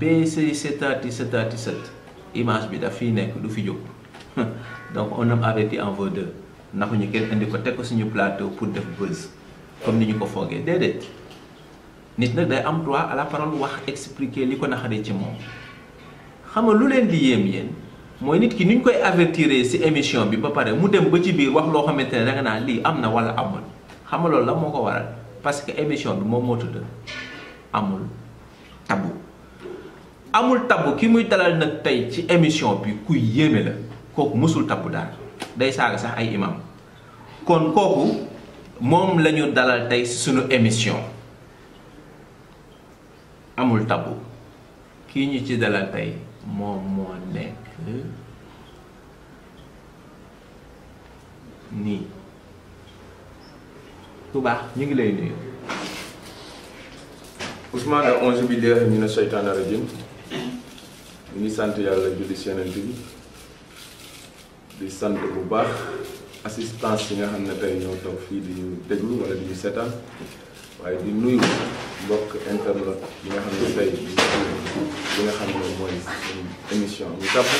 bc say image bi da fi donc on a arrêté en vœux de ndax ñu ko tek plateau pour def buzz comme nous ko foggé déedéet nit nak day droit à la parole wax expliquer liko ko ci mom xama lu leen di yem yeen que nit ki nous koy avertir ci émission bi ba paré mu dem ba ci biir wax lo ne wala amul parce que émission amul tabb ki muy dalal nag tey ci émission bi ku yéeme la kooku mësul tabb daal day saaga sax ay imam kon kooku moom la ñu dalal tey si sunu émission amul tabb kii ñi ci dalal tey moom moo nekk nii bu baax ñu ngi lay nuyu. Ousmane a onze bi llahi mina shaytaani rajim ñu ngi sant yàlla julli si yonent bi di sant bu baax assistance yi nga xam ne tey ñoo toog fii di ñu déglu wala di ñu seetaan waaye di nuyu mbokk internet yi nga xam ne tey li nga xam ne mooy émission ñu tàpp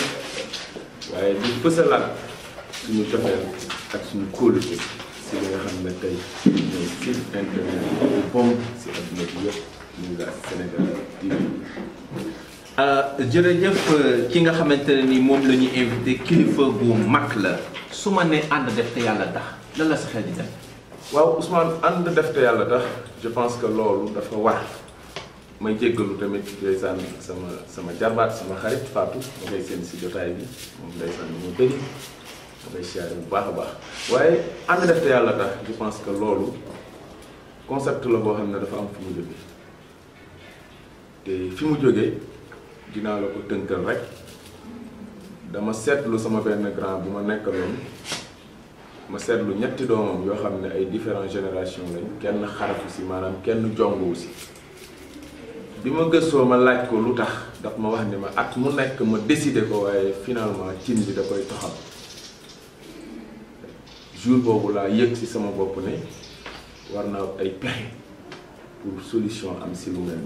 waaye di fësalaat suñu cofeel ak suñu kóolute si li nga xam ne tey ñooy site internet bu bomb si adduna bi yëpp ñu ngi Sénégal TV euh, je euh, ki nga xamantene ni moom invité kilifa bu mag la su ma def yàlla tax lan la sa xel def. waaw Ousmane je pense que c'est dafa que may jéggalu tamit ndeysaan sama sama jarbaat sama xarit Fatou ma seen bi ma je pense que je pense que concept la boo dinaa la ko tënkal rek dama seetlu sama benn grand bu ma nekkaloon ma seetlu ñetti doomam yoo xam ne ay différentes génération lañ kenn xaratu si maanaam kenn jonguwu si bi ma gëstoo ma laaj ko lu tax daf ma wax ni ma at mu nekk ma décider ko waaye finalement cin bi da koy toxal jur boobu laa yëg ci sama bopp ne war naa ay pexe pour solution am si lu mel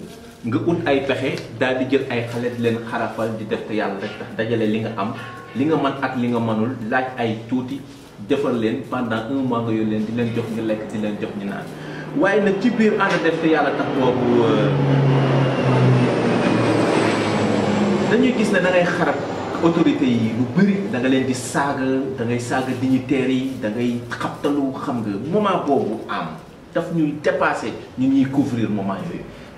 nga ut ay pexe daal di jël ay xale di leen xarafal di def te yàlla rek tax dajale li nga am li nga man ak li nga manul laaj ay tuuti defal leen pendant un mois leen di leen jox ñu lekk di leen jox ñu naan waaye nag ci biir ànd def te yàlla tax boobu euh, gis ne da xarab autorité yi lu bëri da nga leen di saaga da ngay saaga dignitaires yi da ngay xabtalu xam nga moment boobu am daf ñuy dépassé ñu ñuy couvrir moment yooyu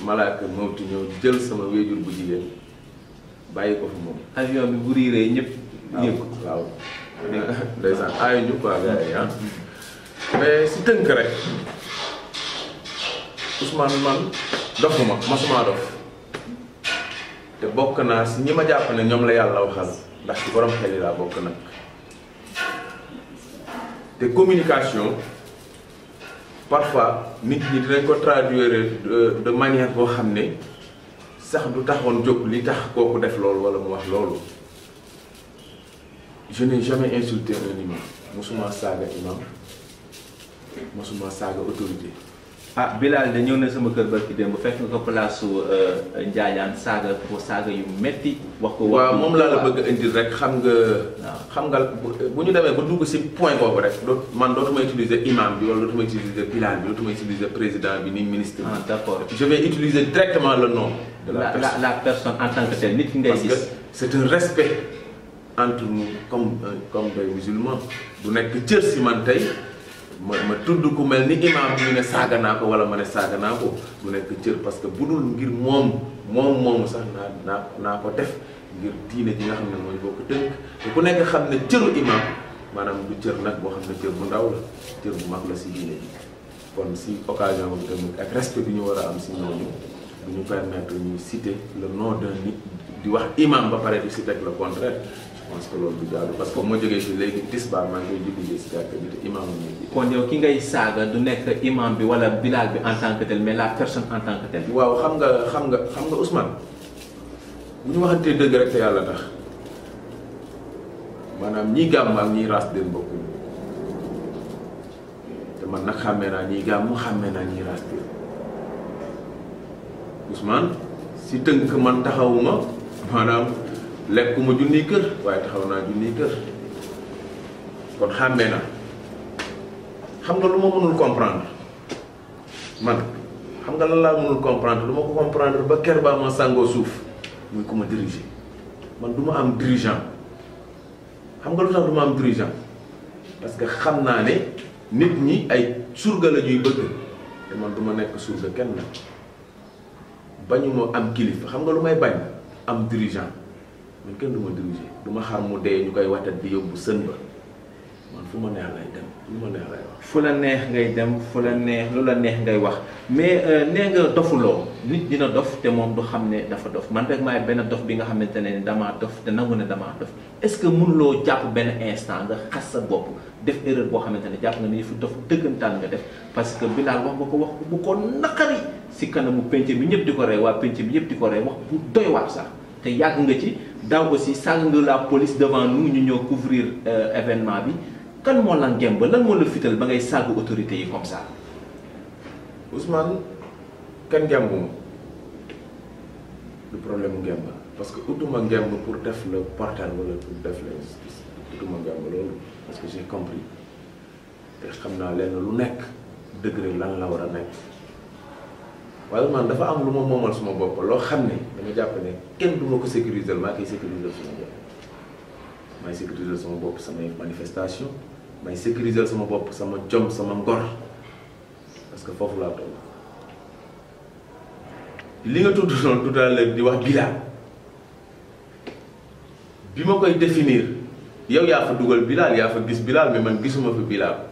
malaaka mawti ñëw jël sama wéejur bu jigéen bàyyi ko fa moom avion bi bu riiree ñëpp yëpp waaw ndeysaan aayu ñu quoi gars yi ah mais si tënk rek Ousmane man dofuma masuma dof te bokk naa si ñi ma jàpp ne ñoom la yàlla waxal ndax ci borom xel yi laa bokk nag te communication parfois nit ñi dinañ ko traduire de manière boo xam ne sax du taxoon jóg li tax kooku def loolu wala mu wax loolu je n'ai jamais insulté un imam musuma saaga imam musuma saaga autorité ah Bilal de ñëw na sama kër barki démb fekk nga ko place su euh, Njaajaan saaga ko saga yu metti wax ko waaw moom laa la bëgg indi rek xam nga. xam nga bu ñu demee ba dugg si point boobu rek doot man dootuma utiliser imam bi wala dootuma utiliser Bilal bi dootuma utiliser président bi ni ministre bi. ah d'accord je vais utiliser directement le nom. de la personne la la personne en tant que tel nit ki ngay gis. parce que c'est un respect entre nous comme euh, comme des musulmans du nekk cër si man tey. ma ma tudd ku mel ni imaam ñu ne saaga naa ko wala ma ne saaga naa ko du nekk cër parce que bu dul ngir moom moom moomu sax naa naa naa ko def ngir diine bi nga xam ne mooy boo ko tënk te ku nekk xam ne cëru imaam maanaam du cër nag boo xam ne cër bu ndaw la cër bu mag la si diine ji kon si occasion bi tamit ak respect bi ñu war a am si ñooñu du ñu permettre ñuy citer le nom d'un nit di wax imaam ba pare du citer le contraire pense que loolu du jaadu parce que moo jógee si léegi tisbaar maa ngi koy julli imam bi kon yow ki ngay saaga du nekk imam bi wala bilal bi en tant que tel mais la personne en tant que tel waaw xam nga xam nga xam nga Ousmane bu ñu waxantee dëgg rek te yàlla tax maanaam ñii gàmm ak man Ousmane si man taxawuma lekkuma junniy kër waaye taxaw naa junniy kër kon xàmmee na xam nga lu ma mënul comprendre man xam nga la laa mënul comprendre lu ma ko comprendre ba ker baa ma sàngoo suuf muy ku ma diriger man du ma am dirigeant xam nga lu tax du ma am dirigeant parce que xam naa ne nit ñi ay surga la ñuy bëgg te man du ma nekk surga kenn nag bañu ma am kilifa xam nga lu may bañ am dirigeant man kenn du ma dirigé du ma xaar mu dee ñu koy watat bi yóbbu sën ba man fu ma neex lay dem fu la neex ngay dem fu la neex lu la neex ngay wax mais euh, nee nga dofuloo nit dina dof te moom du xam ne dafa dof man rek maay benn dof bi nga xamante ne damaa dof te nangu ne damaa dof est-ce que mënuloo jàpp benn instant nga xas sa bopp def erreur boo xamante ne jàpp nga ni fi dof dëggantaan nga def parce que Bilal wax nga ko wax bu ko naqari si kanamu penc bi ñëpp di ko rey waa penc bi ñëpp di ko wax bu doy sax te yàgg nga ci. daaw aussi sang la police devant nous ñu ñëw couvrir euh, événement bi kan moo la ngemb lan moo la fital ba ngay sàgg autorité yi comme ça Ousmane kan ngemb ma du problème ngemb parce que utuma ngemb pour def le portal wala pour def la justice utuma ngemb loolu parce que j'ai compris te xam naa lu nekk degré lan la war a nekk wala man dafa am lu ma moomal suma bopp loo xam ne dama jàpp ne kenn du ma ko sécuriser maa koy sécuriser suma bopp may sécuriser sama bopp samay manifestation may sécuriser sama bopp sama jom sama ngor parce que foofu laa toll li nga tudd noonu tout di wax bilan bi ma koy définir yow yaa fa dugal bilaal yaa fa gis bilaal mais man gisuma fa bilaal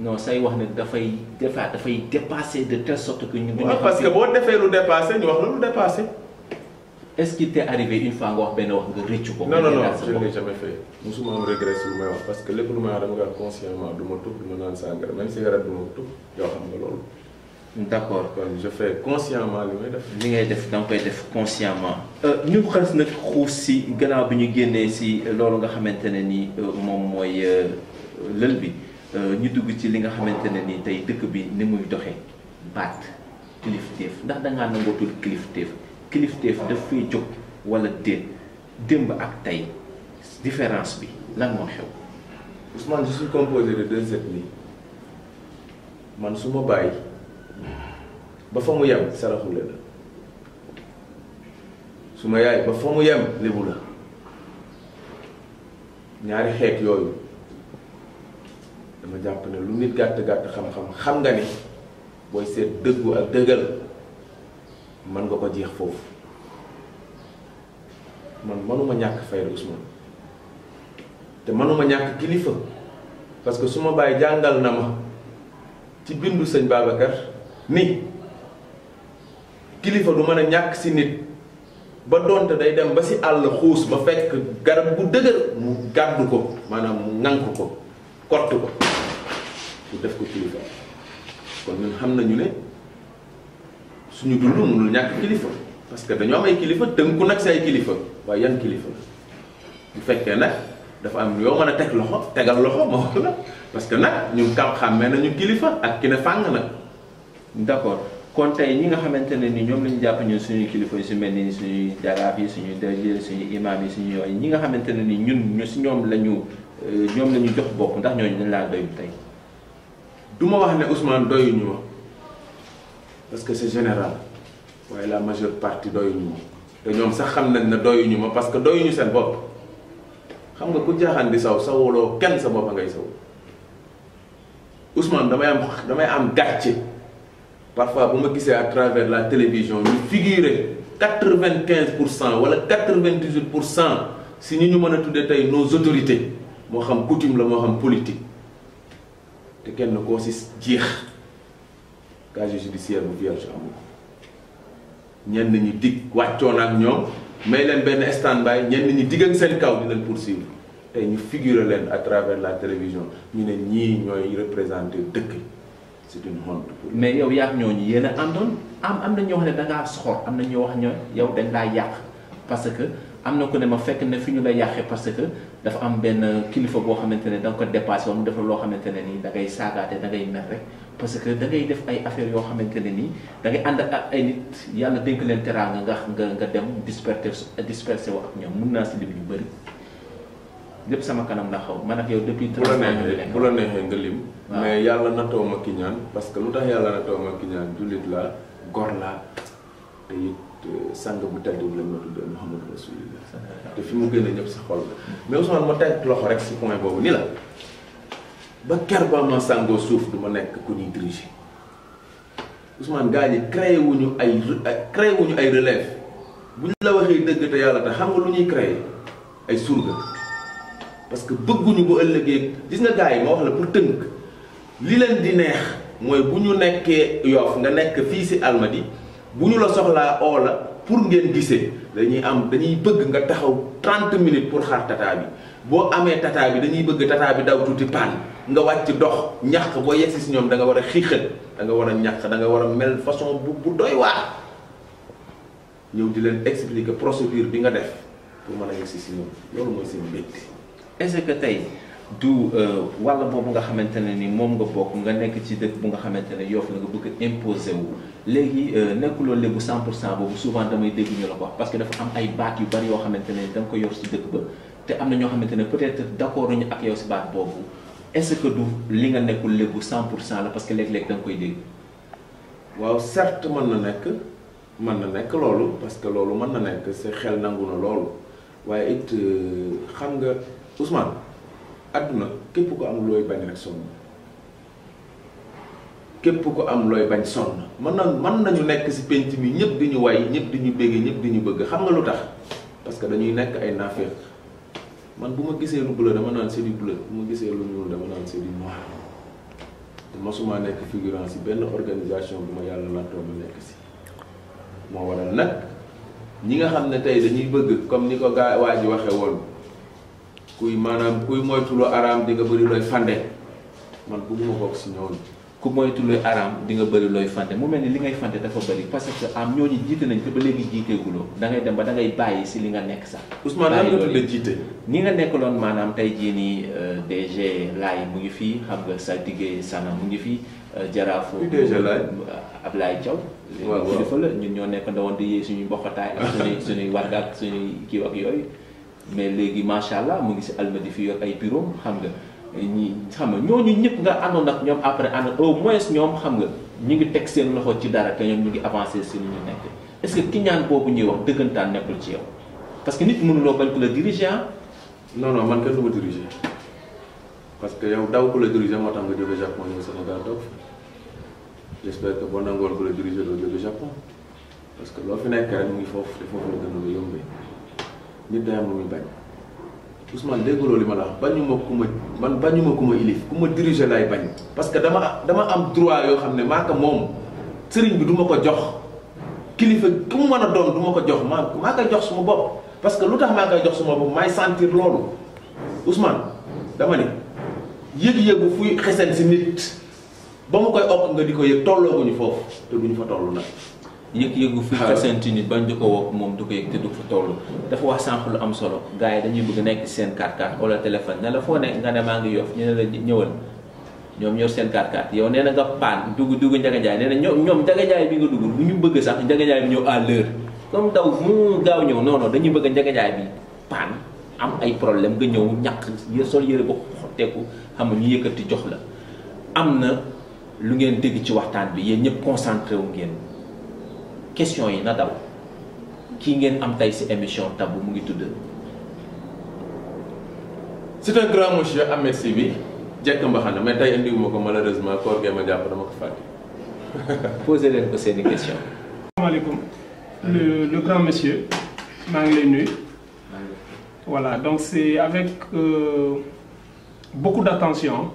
non say wax ne dafay defa dafay dépasser de telle sorte que ñu. waaw parce que boo defee lu dépasser ñu wax la lu dépassé. est-ce qu'il t'est arrivé une fois nga wax benn wax nga rëccu ko. non non non je l'ai jamais fait musuma am regret si lu may wax parce que lépp lu may wax dama koy wax consciemment du ma tux du ma naan sàngara même cigarette du ma tux yoo xam nga loolu. d'accord kon je fais consciemment li may def. li ngay def da nga koy def consciemment. Euh, ñu xas nag xuus si gannaaw bi ñu génnee si euh, loolu nga xamante ni euh, moom mooy lël bi. Euh, ñu dugg ci li nga xamante ne ni tey dëkk bi ni muy doxee baat kilifteef ndax da ngaa nangootul kilifteef kilifteef daf fay jóg wala démb ak tey différence bi lan moo xew. Ousmane je suis composé de deux ethnies man su ma bàyyi ba fa mu yem saraxule la su ma yaay ba fa mu yem lébu la ñaari xeet yooyu. dama jàpp ne lu nit gàtt gàtt xam-xam xam nga ni booy seet dëggu ak dëggal man nga ko jeex foofu man manuma ñàkk fayda Ousmane te manuma ñàkk kilifa parce que su ma bàyyi jàngal na ma ci bindu sëñ Babacar ni kilifa du mën a ñàkk si nit ba donte day dem ba si àll xuus ba fekk garab bu dëgër mu gàddu ko maanaam mu ko kott ko pour def ko kilifa kon ñun xam nañu ne suñu dund mënul ñàkk kilifa parce que dañoo am ay kilifa tënku nag si ay kilifa waaye yan kilifa bu fekkee nag dafa am yoo mën a teg loxo tegal loxo ma wax la parce que nag ñun kam xàmmee nañu kilifa ak ki ne fàng nag d'accord kon tey ñi nga xamante ne ni ñoom la ñu jàpp ñun suñuy kilifa yi su mel ni suñuy jaraaf yi suñuy dëj yi suñuy imaam yi suñuy yooyu ñi nga xamante ne ni ñun ñu si ñoom la ñoom la jox bopp ndax ñooñu dañ laa doyul tey du ma wax ne Ousmane doyuñu ma parce que c'est général waaye la majeure partie doyuñu ma te ñoom sax xam nañ ne doyuñu ma parce que doyuñu seen bopp xam nga ku jaaxaan di saw sawuloo kenn sa bopp ngay saw Ousmane damay am damay am gàcce parfois bu ma gisee à travers la télévision ñu figuré 95 pour cent wala 98 pour cent si ñu ñu mën a tuddee tey nos autorités mo xam coutume la mo xam politique te kenn koo ci jeex casier judiciaire bu vierge amul ñenn ñi dig wàccoon ak ñoom may leen benn stand ñenn ñi dig ak seen kaw dina poursuivre tey ñu figurer leen à travers la télévision ñu ne ñii ñooy représenter dëkk c'est une honte. mais yow yaa ñooñu yéen a àndoon am am na ñoo xam ne da ngaa soxor am na ñoo wax ñooy yow dañ laa yàq parce que. am na ku ne ma fekk ne fi ñu lay yàqee parce que dafa am benn kilifa boo xamante da nga ko dépassé woon mu def loo xamante ne nii da ngay saagaate da ngay mer rek parce que da ngay def ay affaires yoo xamante da ngay ànd ak ay nit yàlla dénk leen teraanga nga nga nga dem dispersé dispersé wu ak ñoom lim ñu sama kanam la xaw man ak yow depuis. bu la neexee bu la neexee nga lim. mais yàlla natoo ma ki ñaan parce que lu tax ma ki ñaan la gor la te sang bu tedd bi lañ ma tuddee fi mu gën a ñëpp sa xol la mais Ousmane ma teg loxo rek si point boobu ni la ba ker ba ma sàngoo suuf du ma nekk ku ñuy diriger Ousmane gaa ñi créé wuñu ay créé wuñu ay relève bu ñu la dëgg te yàlla xam nga lu ñuy créé ay surga parce que bëgguñu bu ëllëgee gis nga gaa yi ma wax la pour tënk li leen di neex mooy bu ñu nekkee yoof nga nekk fii si Almadi bu ñu la soxlaa oo la pour ngeen gisee dañuy am dañuy bëgg nga taxaw 30 minutes pour xaar tata bi boo amee tata bi dañuy bëgg tata bi daw tuuti paan nga wàcc dox ñàq boo yegsi si ñoom da nga war a da nga war a da nga war mel façon bu bu doy waar ñëw di leen expliquer procédure bi nga def pour mën a yegsi si ñoom loolu mooy seen mbégte est-ce que tey du euh, wàll boobu nga xamante ne ni moom nga bokk nga nekk ci dëkk bu nga xamante ne la nga bëgg imposer wu léegi euh, nekkuloo léegi 100 pour boobu souvent damay dégg ñu la ko wax parce que dafa am ay baat yu bari yoo xamante ne da nga ko yor si dëkk ba te am na ñoo xamante ne peut-être d'accord ñu ak yow si baat boobu est-ce que du li nga nekkul léegi 100 la parce que léeg-léeg da nga koy dégg. waaw certes mën na nekk mën na nekk loolu parce que loolu mën na nekk sa xel nangu na loolu waaye it euh, xam nga Ousmane àdduna képp ko am looy bañ rek sonn. képp ko am looy bañ sonn mën na mën nañu nekk si penc mi ñëpp di ñu way ñëpp di ñu bégge ñëpp di ñu bëgg xam nga lu tax parce que dañuy nekk ay naafeeq man bu ma gisee lu bleu dama naan c'est du bleu bu ma gisee lu ñuul dama naan c'est du noir te mosuma nekk figurant si benn organisation bu ma yàlla nattoo ma nekk si moo waral nag ñi nga xam ne tey dañuy bëgg comme ni ko gaa waa ji waxee woon kuy maanaam kuy moytuloo araam di nga bëri looy fande man bëgguma bokk si ñooñu ku moytu looy araam di nga bëri looy fante mu mel ni li ngay fante dafa bëri parce que am ñooñu jiite nañ te ba léegi jiiteeguloo da ngay dem ba da bàyyi si li nga nekk sax. Ousmane lan nga tuddee jiite. ñi nga nekkaloon maanaam tey jii nii euh, DG Laay mu ngi fii xam nga Saltigué Sana mu ngi fii euh, Jaraaf. fii DG Laay euh, Ablaye Thiaw. waaw waaw dafa la ñun ñoo nekk ndawoon di yee suñuy mboqataay. ak suñuy suñuy wargaat suñuy kii ak yooyu. mais léegi macha allah mu ngi si almadi fi yor ay bureau xam nga. ñi xam nga ñooñu ñëpp nga àndoon ak ñoom après ànd au moins ñoom xam nga ñu ngi teg seen loxo ci dara te ñoom ñu ngi avancé si li ñu nekk est ce que ki ñaan boobu ñuy wax dëggantaan nekkul ci yow parce que nit mënuloo bañ ko la diriger ah? non non man kenn du ma diriger parce que yow daw ko la diriger moo tax nga jóge Japon ñëw Sénégal toog j' espère que boo nangool ko la diriger doo jóge Japon parce que fi rek mu ngi la nit bañ. Ousmane dégguloo li ma la wax bañu ma ku ma man bañu ma ku ma ilif ku ma diriger lay bañ parce que dama dama am droit yoo xam ne maa ko moom sëriñ bi du ma ko jox kilifa ku mu mën a doon du ma ko jox maa maa koy jox suma bopp parce que lu tax maa koy jox suma bopp may sentir loolu Ousmane dama ne yëg-yëgu fuy xesen si nit ba mu koy okk nga di ko yëg tollooguñu foofu te duñu fa toll nag yëg yëgu fi fasenti ni bañ du ko wok moom du ko yëg te du fa toll dafa wax sànq lu am solo gars yi dañuy bëgg nekk seen 4 wala téléphone ne la foo ne nga ne maa ngi yof ñu ne la ñëwal ñoom ñor seen 4 yow nee na nga paan dugg dugg njaga jaay nee na ñoom ñoom njaga jaay bi nga dugg bu ñu bëgg sax njaga jaay bi ñëw à l'heure comme daw mu gaaw ñëw non non dañuy bëgg njaga jaay bi paan am ay problème nga ñëw ñàkk yë sol yëre ba xotteeku xam ñu jox la am lu ngeen dégg ci waxtaan bi yéen ñëpp concentré wu ngeen question yi na daw am émission c'est un grand monsieur Ahmed beaucoup. jekk mais malheureusement ma dama ko question. le grand monsieur maa Voilà, donc c'est avec euh, beaucoup d'attention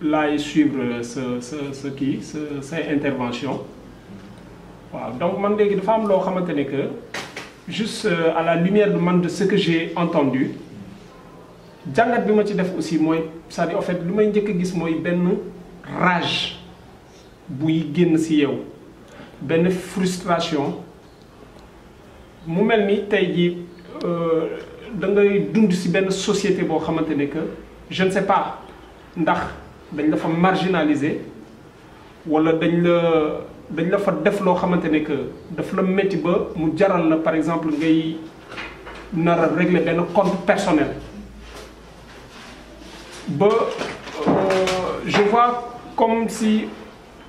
là suivre ce, qui, cette intervention waaw donc man léegi dafa am lo xamantene que juste euh, à la lumière de man de ce que j'ai entendu jangat bi ma ci def aussi moy ça à en fait lu may gis moy ben rage buy génn ci yow ben frustration mu melni tay ji euh da ngay dund ci ben société bo xamantene que je ne sais pas ndax dañ la fa marginaliser wala dañ la dañ la fa def loo xamante ne que daf la métti ba mu jaral par exemple ngay nar a régler benn compte personnel ba euh, je vois comme si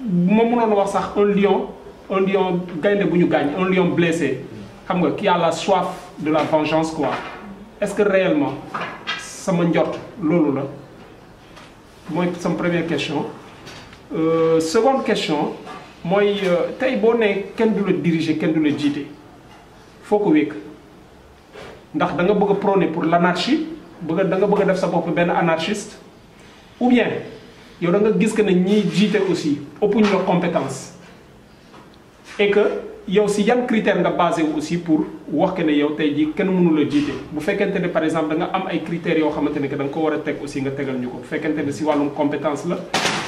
ma mënoon wax sax un lion un lion gaynde bu ñu gagne, un lion blessé xam nga qui a la soif de la vengeance quoi est-ce que réellement sama njort loolu la mooy sama première question euh, seconde question moy euh, tay bo nee ken du la diriger ken du la jiite foo ko ndax da nga bëgg a prôner pour l'anarchie bëgg da nga bëgg def sa bop ben anarchiste ou bien yow da nga gis que ne ñiy jiite aussi opuñ ñu compétence et que yow si yam critère nga basé aussi pour wax que ne yow tay ji ken mënu la jité bu fekkente ne par exemple da nga am ay critères yo xamante que da nga ko wara a aussi nga tégal ñuko ko bu fekkente ne si walum compétence la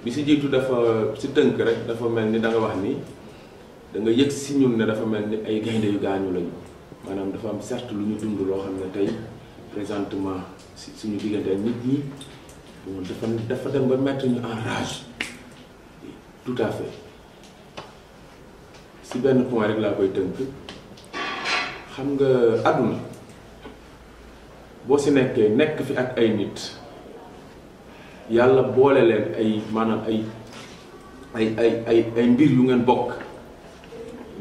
bi si jiitu dafa si tënk rek dafa mel ni da nga wax ni da nga yëg si ñun ne dafa mel ni ay gaynde yu gaañu lañu maanaam dafa am certes lu ñu dund loo xam ne tey présentement si suñu diggante nit ñi dafa dafa dem ba mettre ñu en rage tout à fait si benn point rek laa koy tënk xam nga àdduna boo si nekkee nekk fi ak ay nit yalla boole leen ay maanaam ay ay ay ay ay mbir yu ngeen bokk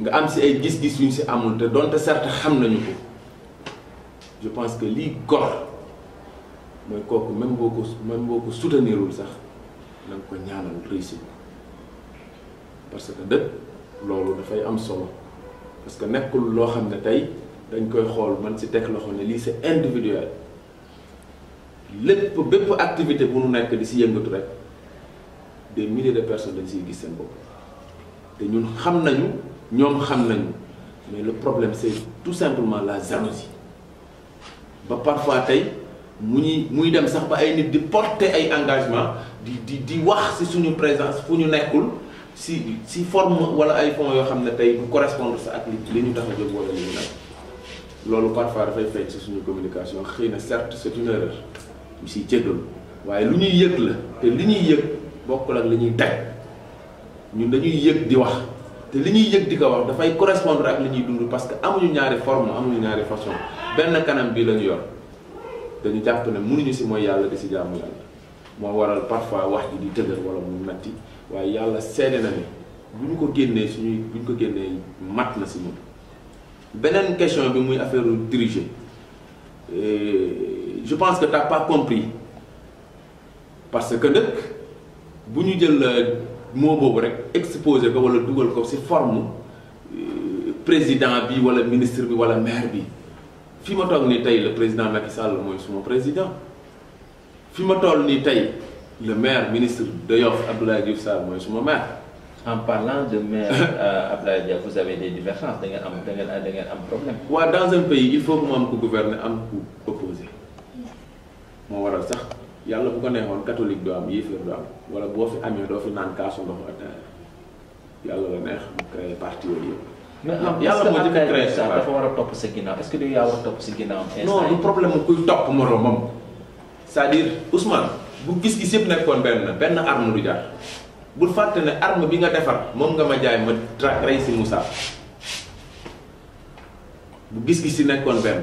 nga am si ay gis-gis yuñ si amul te donte certes xam nañu ko je pense que lii gor mooy kooku même boo ko même boo ko soutenirul sax la ko ñaanal réussite parce que dëkk loolu dafay am solo parce que nekkul loo xam ne tey dañ koy xool man si teg loxo ne lii c'est individuel lépp bépp activité bu nu nekk di si yëngatu rek des milliers de personnes dañ siy gis seen bopp te ñun xam nañu ñoom xam nañu mais le problème c'est tout simplement la jalousie ba parfois tey mu ñuy muy dem sax ba ay nit di porter ay engagement di di di wax si suñu présence fu ñu nekkul si si forme wala ay fonds yoo xam ne tey du correspondre sa ak li ñu tax a jóg wala li ñu nag loolu parfois dafay feeñ si suñu communication xëy na certes c'est une erreur si cëddul waaye lu ñuy yëg la te li ñuy yëg bokkul ak li ñuy teg ñun dañuy yëg di wax te li ñuy yëg di ko wax dafay correspondre ak li ñuy dund parce que amuñu ñaari forme amuñu ñaari façon benn kanam bi lañu yor dañu jàpp ne mënuñu si mooy yàlla di si jaamu yàlla moo waral parfois wax ji di tëgër wala mu natti waaye yàlla seede na ne bu ñu ko génnee suñuy ko génnee mat na si ñun beneen question bi muy affaire diriger euh, je pense que tu n'as pas compris parce que si nous, euh, mot euh, président bi le ministre bi le maire bi fi ma le président Macky Sall suis président ma le maire ministre de Yoff Abdoulaye maire. en parlant de maire euh, vous avez des divergences dans un pays il faut que je gouverne, moo waral sax yàlla bu ko neexoon catholique do am yéeféer do am wala boo fi amee doo fi naan kaasu ndox ataaya yàlla la neex mu créé parti yooyu yëpp yàlla moo jëkk créé sa dafa war top topp No ginnaaw est ce que du yaa war a topp sa ginnaaw non du problème kuy topp moromam c' est à dire Ousmane bu gis-gis yëpp nekkoon benn benn arme du jar bul fàtte ne arme bi nga defar moom nga ma jaay ma rey si Moussa bu gis-gis yi nekkoon benn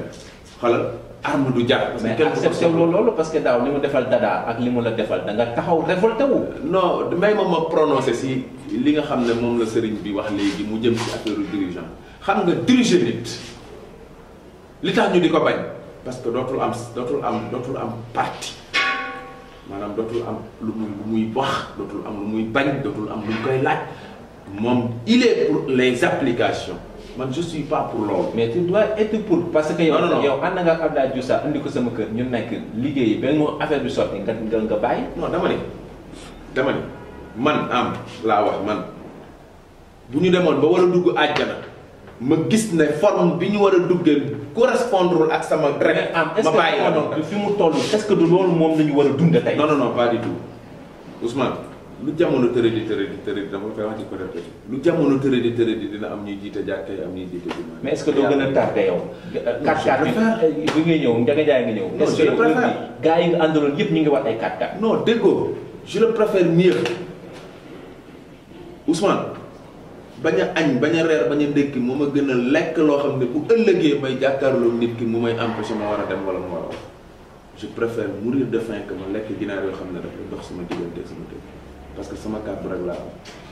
xolal arme du jàpp. mais accepté loolu loolu parce que daaw li mu defal Dada ak li mu la defal da nga taxaw révolté wu. non may moom ma prononcé si li nga xam ne moom la sëriñ bi wax léegi mu jëm ci affaire dirigeant xam nga diriger nit li tax ñu di ko bañ parce que dootul am dootul am dootul am parti maanaam dootul am lu muy muy wax dootul am lu muy bañ dootul am lu mu koy laaj moom il pour les applications. man je suis pas pour loolu. mais eh, tu dois être pour parce que. yow yow ànd nga ak Abdoulaye Diouf Sarr indi ko sama kër ñu nekk liggéeyi benn affaire kan du sotti nga nga nga bàyyi. non dama ne dama ne man am laa wax man bu ñu demoon ba war a dugg àjjana ma gis ne forme bi ñu war a duggee correspondre ak sama. rek ma bàyyi la est ce que fi mu toll est ce que du loolu moom la ñu a dund tey. non non non pas du tout Ousmane lu jamono tëradi tëradi tëradi dama koy wax di ko répété lu jamono tëradi tëradi dina am ñuy jiite jàkka yi am ñuy jiite di mais est ce que doo gën a tardé yow kat kat bi ngay ñëw njaga jaay nga ñëw est ce que gars yi nga àndaloon yëpp ñu ngi wax ay kat kat non déggoo je le préfère mieux Ousmane bañ a añ bañ a reer bañ a ndékki moo ma gën a lekk loo xam ne bu ëllëgee may jàkkaarloo nit ki mu may empêché ma war dem wala ma war je préfère mourir de faim que ma lekk ginaar yoo xam ne dox sama diggante sama dëkk parce que sama kàddu rek laa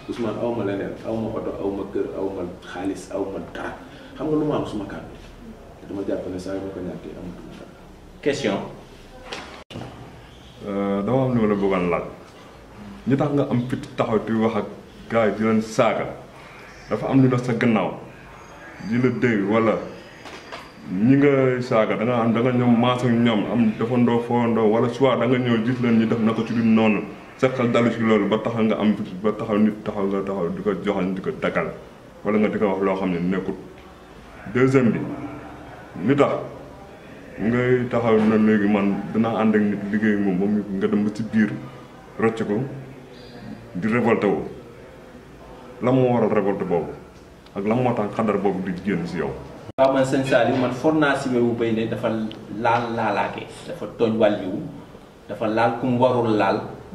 Ousmane aw leneen aw ma oto kër aw xaalis aw dara xam nga lu ma am suma kàddu dama jàpp ne saa yu ma ko ñàkkee amatuma dara. question. Euh, dama am bëggoon laaj ñu tax nga am fit taxaw di wax ak gars di leen saaga dafa am lu dox sa gannaaw di la dégg wala ñi nga saaga da nga am da nga ñoom maas ak ñoom am defandoo foondoo wala soit da nga ñëw gis leen ñu def na ko ci du noonu. sa xel dalu loolu ba taxaw nga am ba taxaw nit taxaw nga taxaw di ko joxañ di ko dakkal wala nga di ko wax loo xam ne nekkut deuxième bi li tax ngay taxaw na léegi man dinaa ànd ak nit liggéey moom moom nga dem ba ci biir rocc ko di révolté wu la moo a révolte boobu ak la moo tax xadar boobu di génn si yow waaw man sëñ Saliou man for naa si wu bay ne dafa laal laalaake dafa tooñ wàll dafa laal kum warul laal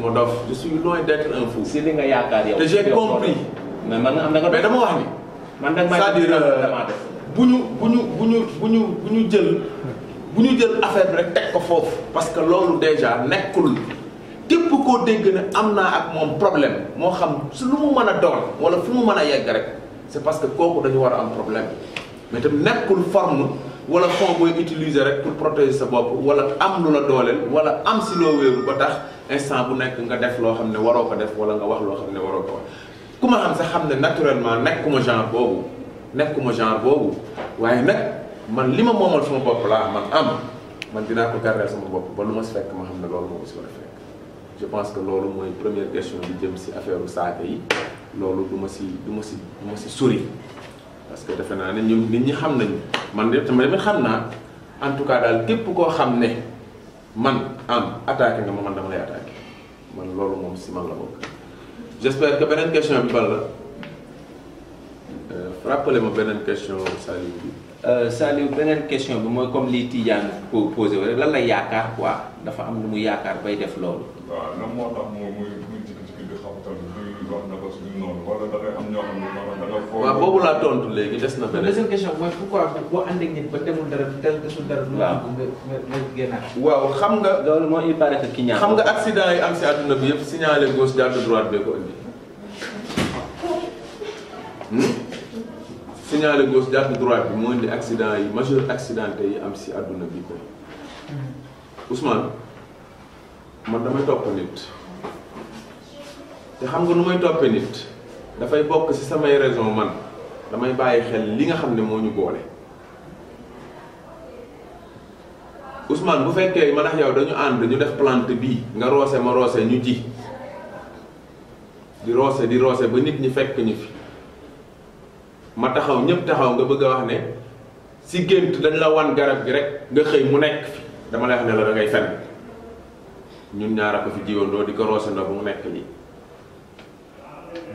ma dof je suis loin d'être un fou. si li nga yaakaar yow. te j'ai compris. mais man am na nga mais dama wax ni. man da nga may euh, bu ñu bu ñu bu ñu bu ñu bu ñu jël. bu ñu jël affaire bi rek teg ko foofu. parce que loolu déjà nekkul képp koo dégg ne am naa ak moom problème moo xam su lu mu mën a doon wala fu mu mën a yegg rek c'est parce que kooku dañu war a am problème mais tam nekkul forme. wala fond boy utiliser rek pour protéger sa bop wala am lu la dooleel wala am si lo wéeru ba tax instant bu nek nga def lo xam waro ko def wala nga wax lo xam waro ko kuma ku ma xam sax xam ne naturellement nekkuma genre boobu nekkuma genre bobu waye nak man lima ma moomal sama bopp laa man am man dina ko garder sama bop ba luma fekk ma xam ne mo moo ko fekk je pense que loolu moy première question bi jëm ci affaire u saaga yi loolu duma ci si ci ma si du parce que defe naa ne ñu nit ñi xam nañu man de tamit xam naa en tout cas daal képp koo xam ne man am attaque nga ma man dama lay man loolu moom si man la bokk. j'espère que beneen question bi bal euh, ma beneen question Saliou bi. Euh, Saliou beneen question bi mooy comme lii Tidiane po posé rek lan la yaakaar quoi dafa am lu mu yaakaar bay def loolu. waaw boobu laa tontu léegi des na beneen. deuxième question mooy pourquoi boo ànd ak nit ba demul dara desul dara. waaw waaw xam nga. loolu moo il paraît que xam nga accident yi am si àdduna bi yëpp signalé gauche jàdd droite bee ko indi. Hmm? signalé gauche jàdd droite bi yi majeur accidenté yi am si àdduna bi tey hmm. Ousmane man damay topp nit te xam nga nu may toppee nit. dafay bokk ci samay raison man damay bàyyi xel li nga xam ne moo ñu boole Ousmane bu fekkee ma ak yow dañu ànd ñu def plante bi nga roose ma roose ñu ji di roose di roose ba nit ñi fekk ñu fi ma taxaw ñëpp taxaw nga bëgg a wax ne si gént dañ la wan garab gi rek nga xëy mu nekk fi dama lay wax ne la da ngay fen ñun ñaar a fi fi jiwandoo di ko roose na bu mu nekk nii.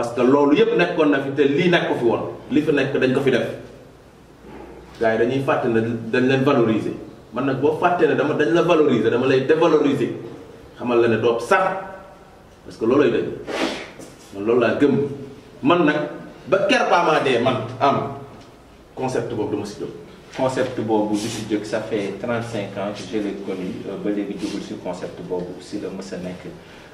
parce que loolu yëpp nekkoon na fi te lii nekk ko fi woon li fi nekk dañ ko fi def gars dañuy fàtte na dañ leen valoriser man nag boo fàttee ne dama dañ la valoriser dama lay dévaloriser xamal la ne doob sax parce que loolay dañ man loolu laa gëm man nag ba ker baamaa dee man am concept boobu dama si jóg concept boobu du si jóg ça fait 35 ans que je l'ai connu euh, ba léegi jógul si concept boobu si la mës nekk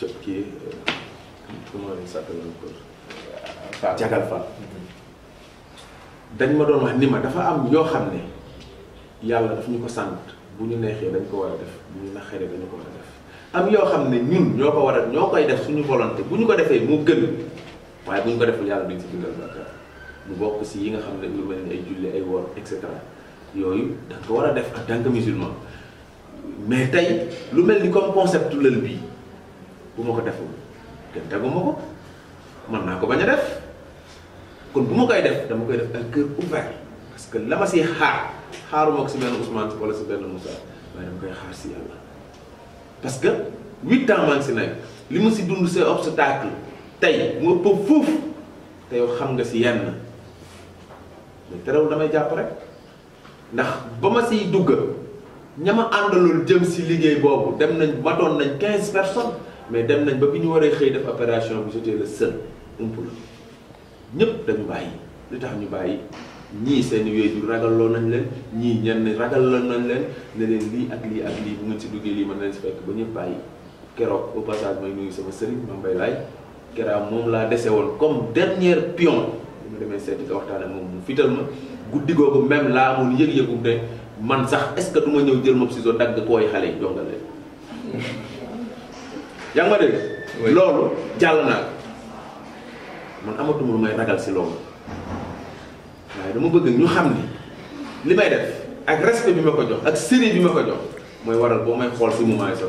jot ki comment il s'appelle encore Jagal Fall dañ ma doon wax ni ma dafa am yoo xam ne yàlla daf ñu ko sant bu ñu neexee dañ ko war a def bu ñu naxaree dañu ko war a def am yoo xam ne ñun ñoo ko war a ñoo koy def suñu volonté bu ñu ko defee mu gën waaye bu ñu ko deful yàlla duñ si bindal bàkkaar mu bokk si yi nga xam ne lu mel ni ay julli ay wor et cetera yooyu da ko war a def en tant musulman mais tey lu mel ni comme concept lël bii bu ma ko deful kenn tegu ma ko mën def kon bu ma def dama koy def un cœur ouvert parce que la ma siy xaar xaaruma ko si benn Ousmane wala si benn Moussa waaye dama koy xaar si yàlla parce que huit ans maa ngi si nekk li ma si dund see obstacle tey mu ëpp fuuf te yow xam nga si yenn mais terewul damay jàpp rek ndax ba ma dugg ña ma jëm si liggéey boobu dem nañ matoon nañ quinze personnes mais dem nañ ba bi ñu waree xëy def opération bi j'étais le seul ump la ñëpp dañu bàyyi li tax ñu bàyyi ñii seen wéyjur ragalloo nañ leen ñii ragal ragalloo nañ leen ne leen lii ak lii ak lii bu ngeen si duggee lii mën na leen si fekk ba ñëpp bàyyi keroog au passage may nuyu sama sëriñ Mame Mbaye Laye keraa moom laa dese woon comme dernier pion bu ma demee seeti ko waxtaan moom mu fital ma guddi ko même laa amoon yëg-yëgu ne man sax est ce que du ñëw jël moom si zone dagg kooy xale yi jongal leen yaa ngi ma loolu jàll naa man amatuma lu may ragal si loolu waaye dama bëgg ñu xam ni li may def ak respect bi ma ko jox ak série bi ma ko jox mooy waral boo may xool si moment yi sa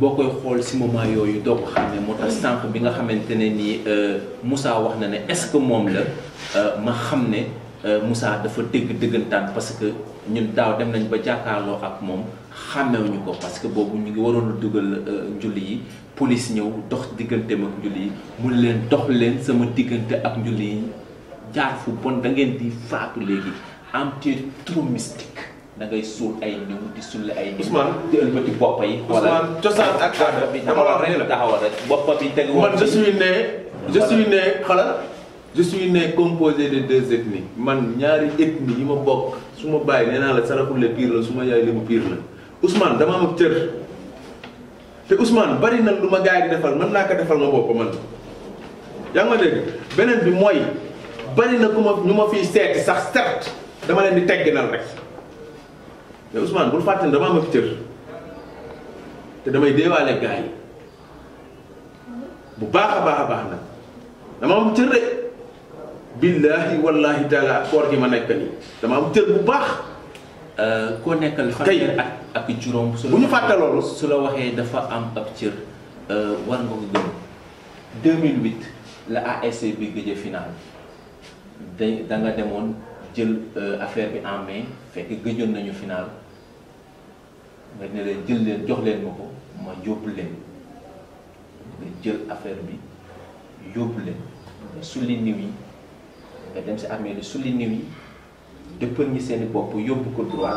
boo koy xool si moment yooyu doo ko xam ne moo tax sànq bi nga xamante ne nii euh, Moussa wax na ne est-ce que moom la euh, ma xam ne euh, Moussa dafa dégg dëggantaan parce que ñun daaw dem nañ ba jàkkaarloo ak moom. ñu ko parce que boobu ñu ngi waroon a dugal euh, njulli yi police ñëw dox diggante ak njulli yi mun leen dox leen sama diggante ak njulli yi jaar fu bon da ngeen di faatu léegi am te trop mystique da ngay suul ay niw di suul ay niw. Ousmane di ëlbati boppa yi. wala cosaan ak aada bi dama wax rek taxawal rek boppa bi tegu. man je suis né je suis xala je suis né composé de deux ethnies man ñaari ethnie yi ma bokk su ma bàyyi nee naa la saraxule piir la su ma yaay li mu la. Ousmane dama am cër te Ousmane bari na lu gaay di defal mën naa ko defal ma bopp man yaa ma dégg beneen bi mooy bari na ku ma ñu ma sax dama di tegginal rek mais Ousmane bul fàtte dama am cër te damay deewaale gaay yi bu baax a baax a baax nag dama am cër rek billahi wallahi taala koor gi ma nekk nii dama am bu baax euh, nekkal ak juróom. bu ñu fàtte su la waxee dafa am ak cër euh, war nga ko gëm 2008 la ASC bi gëj a final da da nga demoon jël euh, affaire bi en main fekk gëjoon nañu final nga ne jël leen jox leen ma ko ma yóbbu leen nga jël affaire bi yóbbu leen nga sulli niw yi nga dem si armée li sulli niw yi dëppal ñi seeni bopp yóbbu ko droit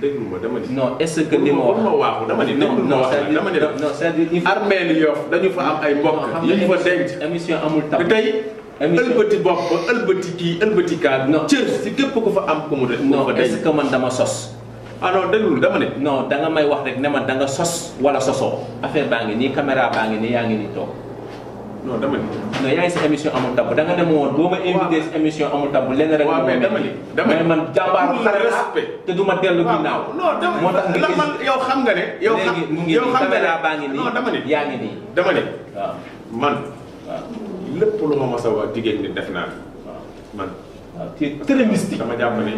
déglu ma dama ni. non est-ce que li ma wax ma waaxu dama ni. non non di à dire dama ni armée li dañu fa am ay mbokk. yi ñu fa denc émission amul taw tey. émission ëlbati bopp ëlbati kii ëlbati kaat. non cër si képp ku fa am. ku mu def non est-ce que man dama sos. ah non déglul dama ne. non da nga may wax rek ne ma da nga sos wala sosoo affaire baa ngi nii caméra baa ngi nii yaa ngi nii toog. non dama ni. non yaa ngi si émission amul tabu da nga dem woon boo ma invité si émission amul tabu lenn rek. waaw mais dama ni dama ni man jàmbaar xale respect te du ma dellu moo tax man yow xam nga ne. yow xam léegi ngi baa ngi nii. non ni yaa ngi dama ni waaw man. waaw lépp lu ma mos a wax jigéen def naa man. waaw te très mystique dama jàpp ne.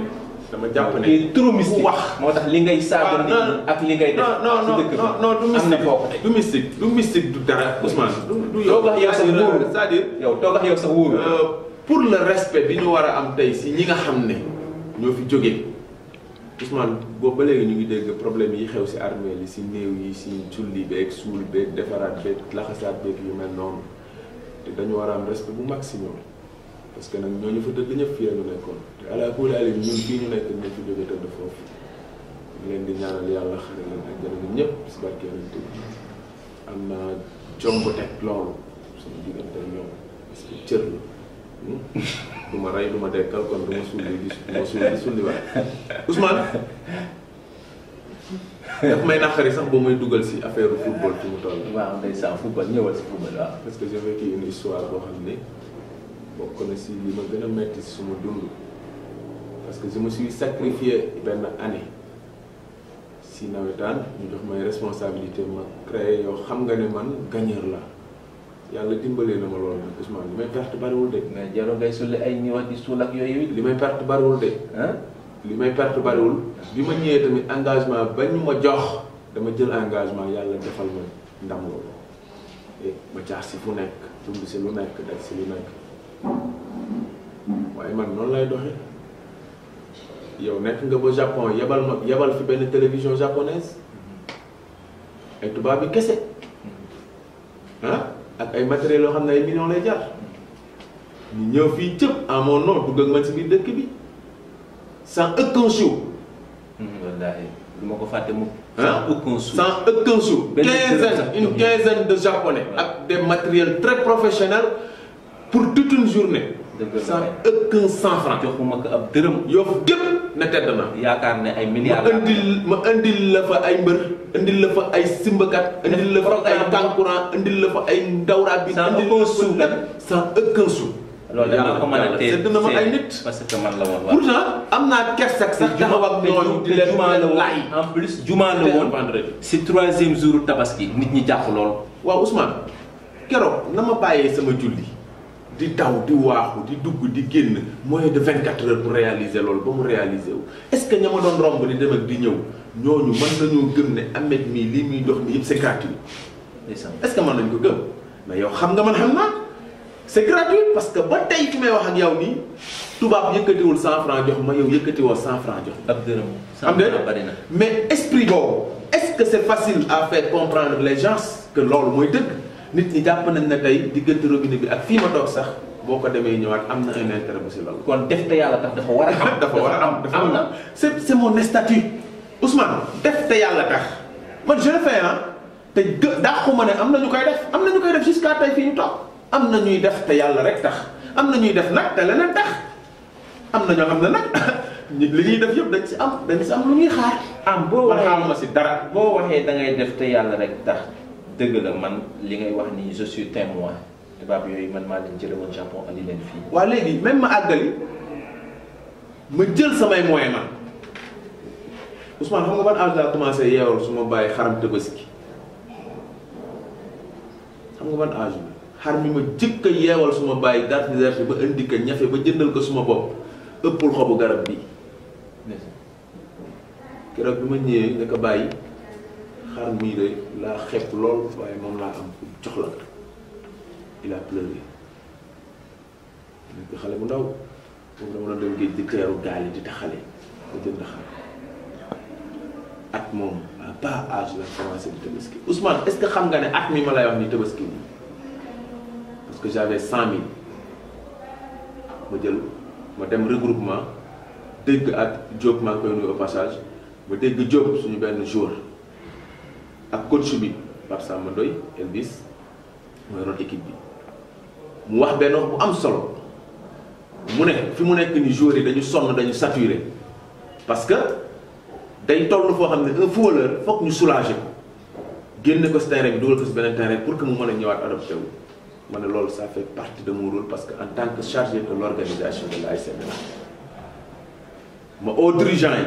dama jàpp ne trop mystique wax moo tax li ngay saaga ah, nit ñi ak li ngay def. non non non du mystique du mystique du mystique du dara Ousmane. du yow toogax yow sax wóoru euh, c'est-à-dire yow euh, pour la respect bi ñu war a am tey si ñi nga xam ne ñoo fi jógee Ousmane boobu ba léegi ñu ngi dégg problème yi xew si armée li si néew yi si julli beeg suul beeg defaraat beeg laxasaat beeg yu mel noonu te dañu war a am respect bu mag si ñoom parce que nag ñooñu fa dëkk ñëpp fii ñu nekkoon te ala kulli alim ñun fii ñu nekk ñu fi jóge tëdd foofu ñu leen di ñaanal yàlla xare leen ak jërë ñun ñëpp si barke nañ tëdd am na jomb teg loolu suñu diggante ñoom parce que cër la hmm? du ma rey dekkal kon gis Ousmane daf may sax dugal si affaire football ci mu toll. waaw ndeysaan football ñëwal si football waaw. parce que j'ai vécu une histoire bokk na si li ma gën a metti suma dund parce que je me suis benn année si nawetaan ñu jox may responsabilité ma créé yow xam nga ne man gagneur la yàlla dimbalee na ma loolu nag Ousmane li may perte bariwul de. mais jarul ngay sulli ay ñi wax di suul ak yooyu. li may perte bariwul de. li may perte bariwul. bi ma ñëwee tamit engagement ba ñu ma jox dama jël engagement yàlla defal ma ndam loolu. ma jaar si fu nekk dund si lu nekk daj si lu nekk. waaye man que lay doxe yow es nga Japon télévision japonaise tu ah, ak ay matériels qui ne des millions lay jar mon nom sans aucun sou. Hmm, hein? sans aucun sans aucun une quinzaine de japonais. Hmm. avec des matériels très professionnels. pour tout une journée. sans aucun cent franc. joxuma ko ab dërëm. yow gépp na tedd na. yaakaar ne ay milliards ma indil ma indil la fa ay mbër. indil la fa ay simbakat. indil la fa ay kankurang indil la fa ay ndawraat bi. indil la fa lépp sans loolu dana a teel sedd na ma ay nit. parce que man la woon waaw am naa kersak sax. taxaw ak ñooñu di leen mën a laaj en plus jumaa la woon si troisième jour tabaski nit ñi jàpp lool. waaw Ousmane keroog na ma bàyyee sama julli. di taw di waxu di dugg di génn moins de 24 heures pour réaliser loolu ba mu réaliser wu. est-ce que ña ma doon romb di dem ak di ñëw ñooñu mën nañoo gëm ne Ameth mii lii muy dox nii yëpp c'est gratuit. est-ce que mën nañ ko gëm mais yow xam nga man xam naa c'est gratuit parce que ba tey ki may wax ak yow nii tubaab yëkkatiwul 100 francs jox ma yow yëkkatiwoo 100 francs jox ma. ab dërëm am na mais esprit boobu est-ce que c'est facile à faire comprendre les gens que loolu mooy dëgg. nit ñi jàpp nañ ne tey diggante robinet bi ak fii ma toog sax boo ko ñëwaat am na un intérêt bu si loolu. kon def te yàlla tax dafa war a am dafa war a am dafa amna na c' est c' est mon statut Ousmane def ta yàlla tax man je le fais ah te dàquma ne am na ñu koy def am na ñu koy def jusqu' à tey fii ñu toog am na ñuy def te yàlla rek tax am na ñuy def nag te leneen tax am ñoo xam ne li ñuy def yëpp dañ si am dañ si am lu ñuy xaar. am boo waxee ma si dara boo waxee da ngay def te yàlla rek tax. dëgg la man li ngay wax ni je suis témoin tubaab yooyu man maa leen jëlee woon Japon andi leen fii. waaw léegi même ma àggali ma jël samay moyens ma Ousmane xam nga ban âge laa commencé yeewal su ma bàyyi xaram Tabaski xam nga ban âge la xar mi ma jëkk a yeewal su bàyyi gàtt gerte ba indi ko ñafe ba jëndal ko suma bopp ëppul xobu garab bi keroog bi ma ñëwee nga bàyyi. xar mii de laa xeeb lool waaye moom laa am jox la il a pleuré nekk xale bu ndaw moom dama doon dem géej di teeru gaal yi di taxale ba jënd xar at moom à bas âge la di tabaski Ousmane est-ce que xam nga ne at mi ma lay wax ni tabaski bi parce que j'avais cent mille ma jël ma dem regroupement dégg ak Diop maa ngi koy nuyu passage ma dégg Diop suñu benn jour. ak coach bi Pape Samba Doy Elvis mooy root équipe bi mu wax benn wax bu am solo mu ne fi mu nekk ni joueurs yi dañu sonn dañu saturé parce que day toll foo xam ne un footballeur foog ñu soulager ko génne ko si terrain bi dugal ko si beneen terrain pour que mu mën a ñëwaat adopté wu ma ne loolu ça fait partie de mon rôle parce que en tant que chargé de l' organisation de la Milan ma au dirigeant yi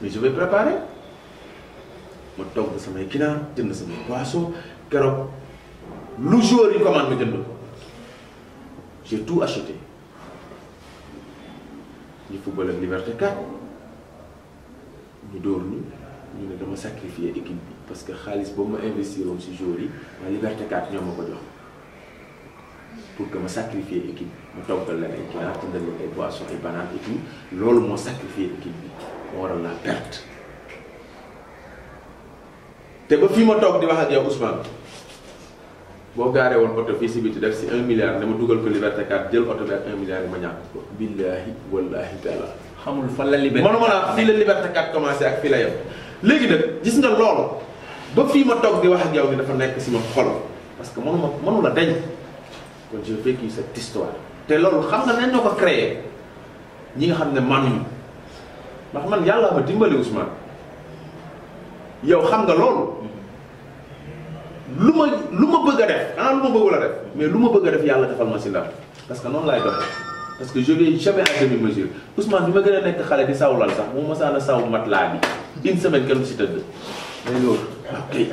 mais je vais préparer Je vais samay des poissons, samay poisson keroog lu jour yi commande ma ko j'ai tout acheté Le football ak Liberté 4 ñu dóor ñu ñu ne dama sacrifier équipe parce que xaalis boobu ma investir dans ce jour yi Liberté 4 ñoo jox pour que ma sacrifier équipe Je vais toggal des poissons, ginaar bananes ay poisson ay banane et tout loolu moo sacrifier équipe waral naa perte te ba fii ma toog di wax ak yow Ousmane boo gaaree woon oto fii si biti def si un milliard dama dugal ko Liberté 4 jël oto bi ak un milliard ma ñàkk ko. billaahi wallaahi taala xamul fan la Liberté. manuma naa fii la Liberté 4 commencé ak fii la yem léegi nag gis nga loolu ba fii ma toog di wax ak yow ni dafa nekk si ma xol parce que mënuma mënula dañ kon j'ai vécu cette histoire te loolu xam nga nañ ñoo ko créé ñi nga xam ne manuñu. ndax man yàlla ma dimbali Ousmane yow xam nga loolu lu ma lu ma bëgg a def ah lu ma bëggul def mais lu ma bëgg a def yàlla defal ma si ndam parce que noonu laay doxee parce que je vais jamais à demi bi ma gën a nekk xale di sawlal sax mu masaan a saw laa bi une semaine kenn si tëdd day loolu waaw kay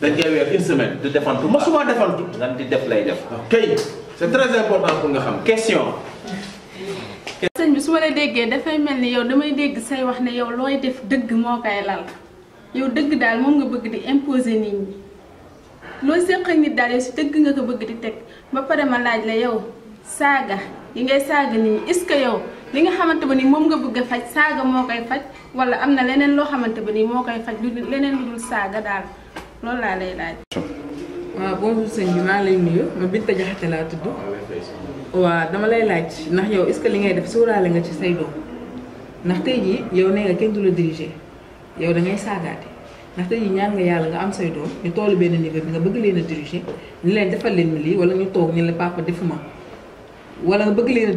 dañ koy weer une semaine di defantu ma suma defantu. nga di def lay def. waaw kay c'est très important pour nga xam question. sëñ bi su ma la déggee dafay mel ni yow damay dégg say wax ne yow looy def dëgg moo koy lal yow dëgg daal moom nga bëgg di imposer nit ñi loo séq nit daal yow si dëgg nga ko bëgg di teg ba pare ma laaj la yow saaga yi ngay saaga nit ñi est-ce que yow li nga xamante ba ni moom nga bëgg a faj saaga moo koy faj wala am na leneen loo xamante ba nii moo koy faj lu leneen lu dul saaga daal loolu laa lay laaj. waaw bonjour sëñ bi maa lay nuyu ma Binta Jaxate laa tudd. waaw dama lay laaj ndax yow est-ce que li ngay def suuraale nga ci say doom ndax tey jii yow nee nga kenn du la diriger yow da ngay saagaate ndax tey jii ñaan nga yàlla nga am say doom ñu toolu benn niveau nga bëgg leen a diriger ni leen defal leen lii wala ñu toog ni la papa defuma wala nga bëgg leen a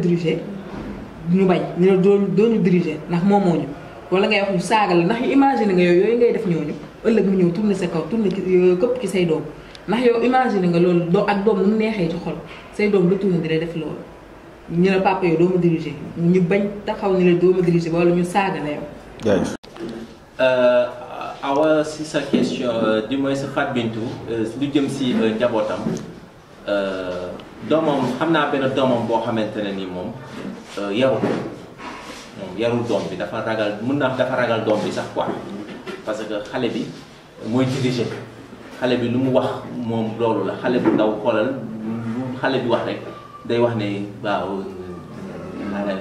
ñu bañ ñu ne doo doo ñu diriger ndax moom moo ñu wala ngay wax ñu saaga la ndax imagine nga yow yooyu ngay def ñooñu ëllëg mu ñëw tourner sa kaw tourner euh, këpp ci say doom ndax yow imagine nga loolu doo ak doom nu neexee ci xol say doom lutu ñu dina def lool ñu ne papa yow doo diriger ñu bañ taxaw ni la doo diriger wala ñu saaga la yow. Euh, awa si sa question euh, di mooy sa Fat Bintou euh, lu jëm si njabootam doomam xam naa benn doomam bo xamantene ne ni moom yarul moom yaru doom bi dafa ragal mun naa dafa ragal doom bi sax quoi parce que xalé bi moy diriger xalé bi lu mu wax mom loolu la xalé bu ndaw xolal xale bi wax rek day wax ne waaw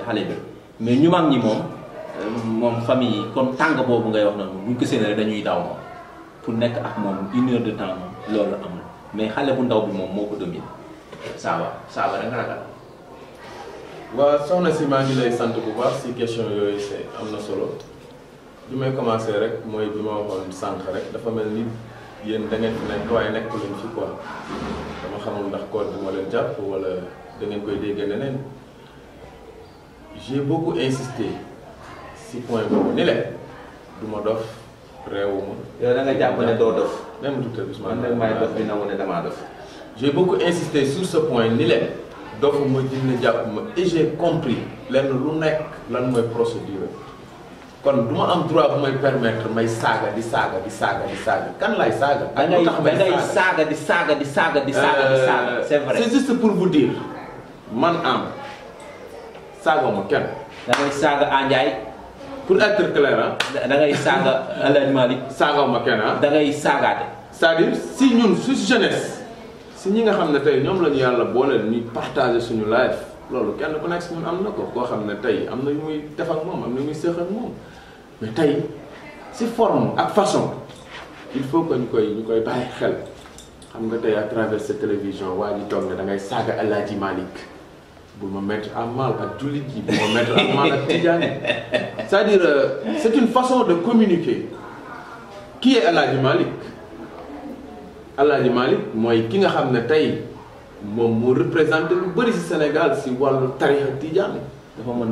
xale bi mais ñu mag ñi moom moom famille yi comme tàng boobu ngay wax noonu buñ ko séenee rek dañuy daw moom pour nekk ak moom une de temps loolu amul mais xale bu ndaw bi moom moo ko domine saaba saaba da nga ragal soxna si maa ngi lay sant bu baax si question yooyu c'est am na solo bi may commencé rek mooy bi ma waxoon sànq rek dafa mel ni yéen da ngeen fi nekk waaye nekk fi quoi dama xamul ndax koor bi moo leen jàpp wala da ngeen koy déggee neneen j'ai beaucoup insisté si point boobu ni leen du ma dof réewuma. yow da nga jàpp ne doo dof. même docteur doucement man may dof bi nangu ne damaa dof. j'ai beaucoup insisté sur ce point ni leen dofuma dina jàpp ma et j'ai compris lenn lu nekk lan mooy procédure. kon du ma am droit bu may permettre may saaga di saga di saga di saga, kan lay saga? ak lu tax may saga di saga di saga di saga di saga. Euh, c' est vrai c' est juste pour vous dire man am saaga ma kenn. da ngay saaga Andiaye. pour être clair ah. da ngay saaga El Hadj Malick. saaga ma kenn ah. da ngay saagaate. c' est à dire si ñun su jeunesse si ñi nga xam ne tey ñoom la ñu yàlla partager suñu life loolu kenn ku nekk si ñun am na ko koo xam ne tey am na yu muy def ak moom am na yu muy séq ak moom. mais tey si forme ak façon il faut que ñu koy ñu koy bàyyi xel xam nga tey à travers cette télévision waa ji toog ne da ngay saaga El Hadj Malick bul ma mettre à mal ak jullit yi bul ma mettre à mal ak tijaan yi c'est-à-dire euh, c'est une façon de communiquer qui est El Hadj Malick El Hadj Malick mooy ki nga xam ne tey moom mu représenté lu bëri si Sénégal si wàllu tarixa tijaan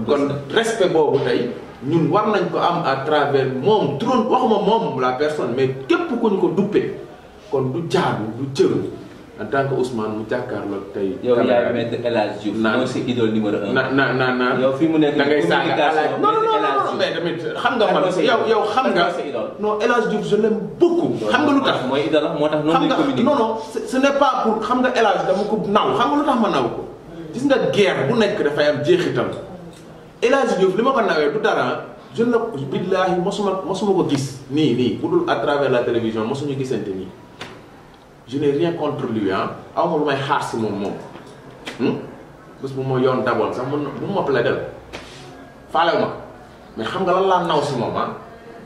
kon respect boobu tey nous war nañ à travers trône, trône, waxuma monde, la personne mais nous ku nous ko nous kon nous jaadu nous nous en tant que Ousmane mu jàkkaarloog yow il idole numéro un. na na na yow fi mu Non, non non non mais non Diouf je l'aime beaucoup. xam idole moi, non non ce n'est pas pour xam nga El dama ko naw xam guerre bu am et là, vraiment ma ko tout dara hein. je ne sais mosuma mosuma je gis nii Ni, ni. à travers la télévision mosuñu gisante ni je n'ai rien contre lui hein ma may Je ne suis pas bu ma yoon daboon Je ne bu pas mais xam nga lan train naw si mom hein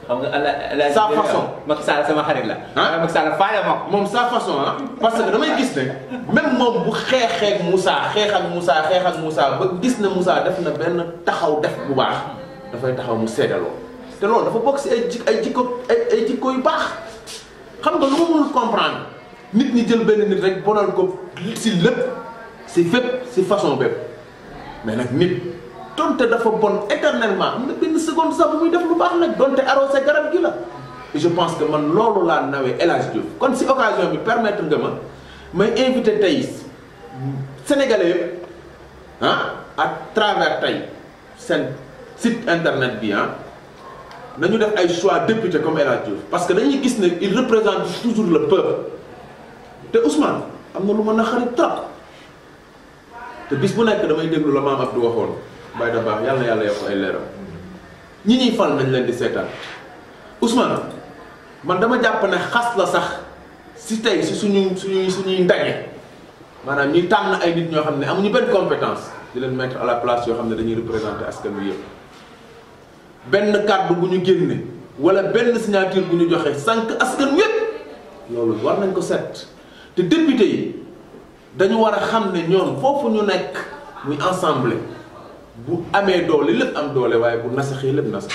xam nga ala ala. sa façon Macky Sall sama xarit la. Hein? la sa façon hein? parce que même bu ak Moussa un ak Moussa ak Moussa ba Moussa def na taxaw def bu baax fay taxaw mu sédalo té loolu dafa bokk si ay ay jikko ay jikko yu baax xam nga lu comprendre nit ñi jël ben nit rek bonal ko ci lepp façon mais nak nit donte dafa bon éternellement am na seconde ça bu muy def lu baax nak donte arrosé garab gi la. je pense que man lolu la nawé El Diouf kon si occasion bi permettre nga ma may invité sénégalais hein ah à travers tey seen site internet bi hein nañu def ay choix député comme El Diouf parce que dañuy gis ne il représente toujours le peuple te Ousmane am na lu ma naqari trop te bis bu nekk damay déglu la maam Abdou waxone bay da baax yàlla yàlla yokk ay leeram ñi ñuy fal nañ leen di seetaan Ousmane man dama jàpp ne xas la sax si tay si suñu suñuy suñuy ndaje maanaam ñuy tànn ay nit ñoo xam ne amuñu benn compétence di leen mettre à la place yoo xam ne dañuy représenter askan wi yëpp benn kàddu bu wala benn signature bu ñu joxe sànq askan wépp loolu war nañ ko set te député yi dañu war a xam ñoom foofu ñu nekk muy ensemble bu amee doole lépp am doole waaye bu nasaxee lépp nasax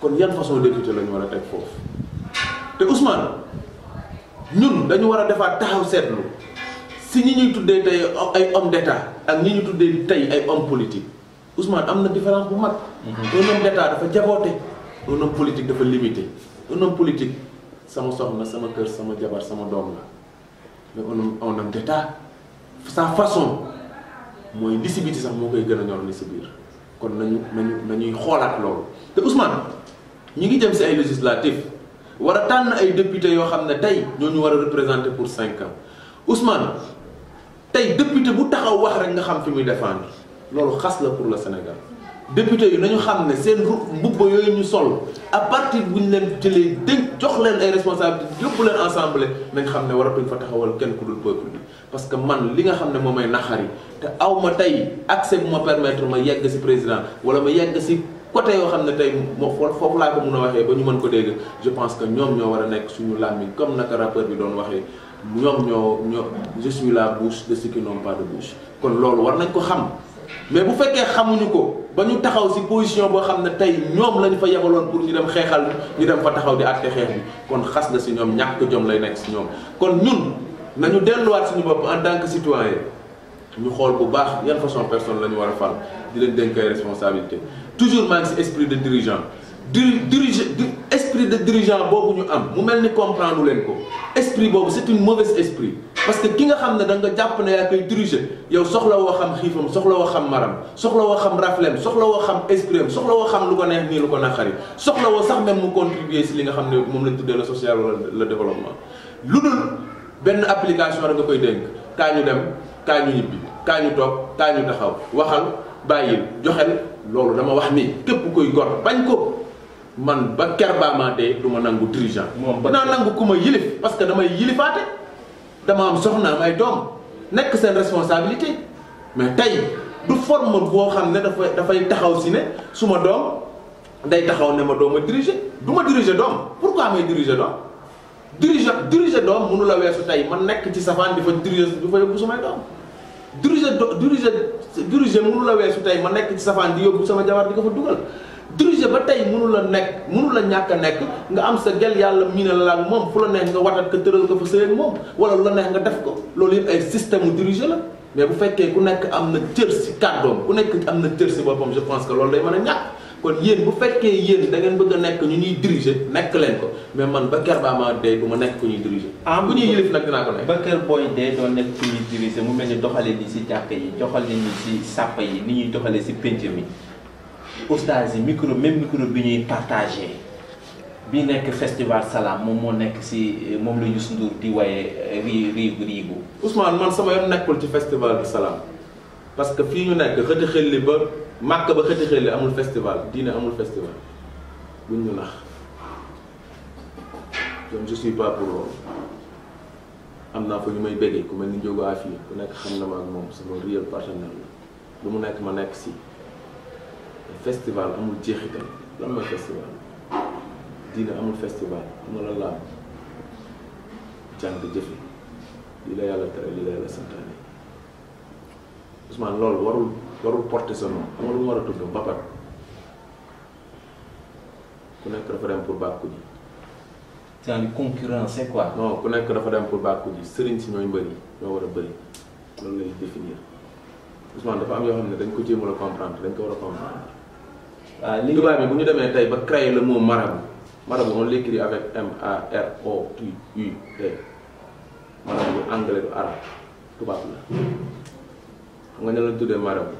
kon yan façon député la ñu war a teg foofu te Ousmane ñun dañu war a defaat taxaw seetlu si ñi ñuy tuddee tey ay homme d'état ak ñi ñu tuddee tey ay homme politique Ousmane am na différence bu mag. Mhm. un homme d'état dafa jaboote un homme politique dafa limité un homme politique sama soxna sama kër sama jabar sama doom la mais un homme sa façon. mooy li sax moo koy gën a ñor li si biir kon nañu nañu nañuy xoolaat loolu te Ousmane ñi ngi jëm si ay législatif war a tànn ay député yoo xam ne tey ñoo ñu war a représenté pour cinq ans Ousmane tey député bu taxaw wax rek nga xam fi muy défendre loolu xas la pour le Sénégal député yi nañu xam ne seen mbubba yooyu ñu sol à partir bu ñu leen jëlee dénk jox leen ay responsabilités yóbbu leen assemblée nañ xam ne waratuñ fa taxawal kenn ku dul peuple parce que man li nga xam ne moom may naxari te aw ma tey accès bu ma permettre ma yegg si président wala ma yegg si côté yoo xam ne tey moo foofu laa ko mun a waxee ba ñu mën ko dégg je pense que ñoom ñoo war a nekk suñu làmmi comme naka rappeur bi doon waxee ñoom ñoo ñoo je la bouche de ceux qui n'ont pas de bouche kon loolu war nañ ko xam mais bu fekkee xamuñu ko ba ñu taxaw si position boo xam ne tey ñoom lañu fa yebaloon pour ñu dem xeexal ñu dem fa taxaw di àtte xeex kon xas nga si ñoom ñàkk jom lay nekk si ñoom nañu delluwaat suñu bopp en tant que citoyen ñu xool bu baax yan façon personne la ñu war a fal di leen dénk ay responsabilité toujours maa ngi si esprit de dirigeant du dirige esprit de dirigeant boobu ñu am mu mel ni comprendre leen ko esprit boobu c'est une mauvaise esprit parce que ki nga xam ne da nga jàpp ne yaa koy diriger yow soxla woo xam xiifam soxla woo xam maram soxla woo xam raflem soxla woo xam esprit am soxla woo xam lu ko neex nii lu ko naqari soxla woo sax même mu contribuer si li nga xam ne moom lañ tuddee le social wala le développement lu dul benn application rek nga koy dénk kaa ñu dem kaa ñu ñibbi kaa ñu toog kaa ñu taxaw waxal bàyyil joxel loolu dama wax ni képp koy gor bañ ko man ba ker baama dee du ma nangu dirigeant dinaa nangu ku ma yilif parce que damay yilifaate dama am soxna ay doom nekk seen responsabilité mais tey du forme boo xam ne dafay dafay taxaw si ne suma doom day taxaw ne ma doom ma diriger du ma diriger doom pourquoi may diriger doom diriger diriger doom mënu la weesu tey man nekk ci safaan di fa diriger di fa yóbbu samay doom diriger do diriger diriger mënu la weesu tey ma nekk ci safaan di yóbbu sama jabar di ko fa dugal diriger ba tey mënu la nekk mënu la ñàkk nekk nga am sa gel yàlla miina la laak moom fu la neex nga watat ko tëral ko fa sëyeen moom wala lu la neex nga def ko loolu yëpp ay système mu diriger la mais bu fekkee ku nekk am na cër si kàddoom ku nekk am na cër si boppam je pense que loolu day mën a ñàkk kon yeen bu fekkee yéen da ngeen bëgg a nekk ñu ñuy diriger nekk leen ko mais man bakar ker baa ma dee du ma nekk ku ñuy diriger. am bu ñuy yëlif nag dinaa ko nekk. bakar ker booy dee doo nekk ku ñuy diriger mu mel ni doxalee ni si jàkk yi doxalee ni si sàppa yi ni ñuy doxalee si pénc mi oustaz yi micro même micro bi ñuy partagé bi nekk festival salam moom moo nekk si moom la Youssou Ndour di waye ri riigu riigu. Ousmane man sama yoon nekkul ci festival bi salaam parce que fii ñu nekk xëti xel ba. màkk ba xëti xëy la amul festival diine amul festival buñ ñu nax donc je suis pas pour loolu am naa fa ñu may bëggee ku mel ni Ndiogo Afia ku nekk xam na ma ak moom sama réel partenaire la lu mu nekk ma nekk si festival amul jeexital lan mooy festival diine amul festival amul la laam jàng jëfe li la yàlla tere li la yàlla santaane Ousmane loolu warul warul porter sa nom war a tudd mbapat nekk dafa dem pour bàkku ji. c'est une concurrence c'est ku nekk dafa dem pour bàkku ji sëriñ si ñooy mbër yi war a bëri loolu lay définir Ousmane dafa am ne dañ ko jéem a comprendre dañ ko war a comprendre. waaw ah, li bu ñu demee tey ba créer la mot marabout marabout on l'écrit avec M A R O T U e. T la xam nga ne lañ tuddee marabout.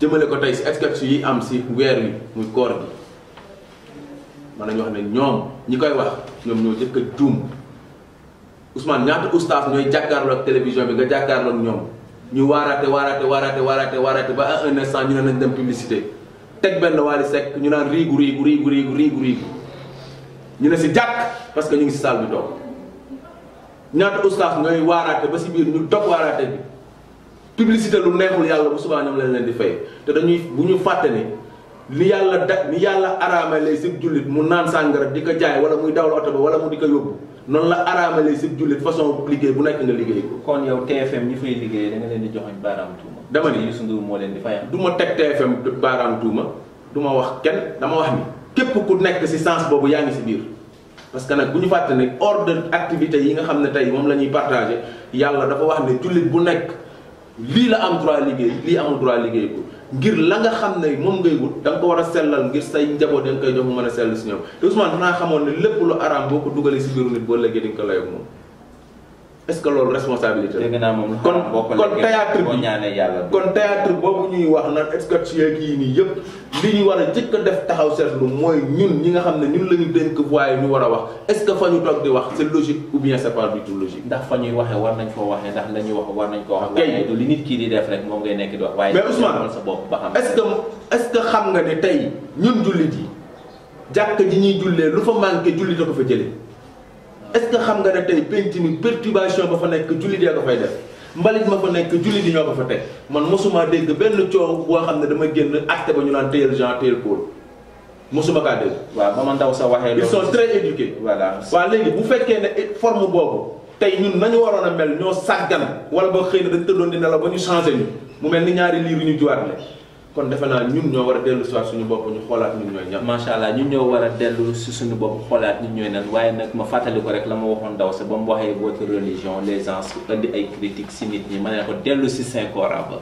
jëmale ko tey si sketch yi am si weer wi muy koor gi mën nañu wax ne ñoom ñi koy wax ñoom ñoo jëkk a juum Ousmane ñaata ustaas ñooy jàkkaarloo ak télévision bi nga jàkkaarloo ak ñoom ñu waaraate waaraate waaraate waaraate waaraate ba à un instant ñu ne nañ dem publicité teg benn Wally Seck ñu naan riigu riigu riigu riigu riigu ñu ne si jàkk parce que ñu ngi si salle bi toog ñaata ustaas ñooy waaraate ba si biir ñu dog waaraate bi publicité lu neexul yàlla bu subaa ñoom lañ leen di fay te dañuy bu ñu fàtte ni li yàlla da li yàlla araamalee sib jullit mu naan sàngara di ko jaay wala muy dawal oto ba wala mu noonu la araamalee sib jullit façon liggéey bu nekk nga liggéey ko. kon yow leen di joxoñ baaraam tuuma. dama moo leen di fayam. du ma teg TFM baaraam tuuma du ma wax kenn dama wax ni képp ku nekk si sens boobu yaa ngi si biir. parce que nag bu ñu fàtte ne ordre yi nga xam ne tey moom la ñuy partagé yàlla dafa wax ne jullit bu nekk. lii la am droit liggéey lii amul droit liggéey ko ngir la nga xam ne moom ngay wut da ko war a sellal ngir say njaboot da nga koy jox mu mën a sell si ñoom te Ousmane xanaa xamoon ne lépp lu araam boo ko dugalee si biiru nit boo léegi di nga ko layoo moom est-ce que loolu responsabilité la. kon kon boobu ñuy wax naan est-ce que ci nii yëpp li ñu war a jëkk def taxaw lu mooy ñun ñi nga xam ne ñun la ñu dénk voie ñu war a wax est-ce que fa ñu toog di wax c'est logique ou bien c'est pas ndax fa ñuy waxee war nañ koo waxee ndax la ñuy wax war nañ koo wax. kay du nit kii di def rek moom ngay nekk di wax. waaye mais Ousmane sa bopp ba xam. est-ce que est xam nga ne tey ñun jullit yi jàkk ji ñuy jullee lu fa manqué jullit a ko fa jëlee est-ce que xam nga ne perturbation ba fa je mbalit ma fa nek fa tek man ne dégg benn coow bo dama genn acte ba ñu naan Jean sa ils sont très éduqués. voilà waaw légui bu forme de tay ñun nañu warona mel ño sàggan wala ba xeyna dañ ba ñu ñu mu ñaari ñu kon defe naa ñun ñoo war a dellu si suñu bopp ñu xoolaat ñun ñooy ñam. macha allah ñun ñoo war a dellu si suñu bopp xoolaat ñun ñooy nan waaye nag ma fàttali ko rek la ma waxoon ndaw sa ba mu waxee votre religion les gens indi ay critiques si nit ñi ma ne ko dellu si Saint Coran ba.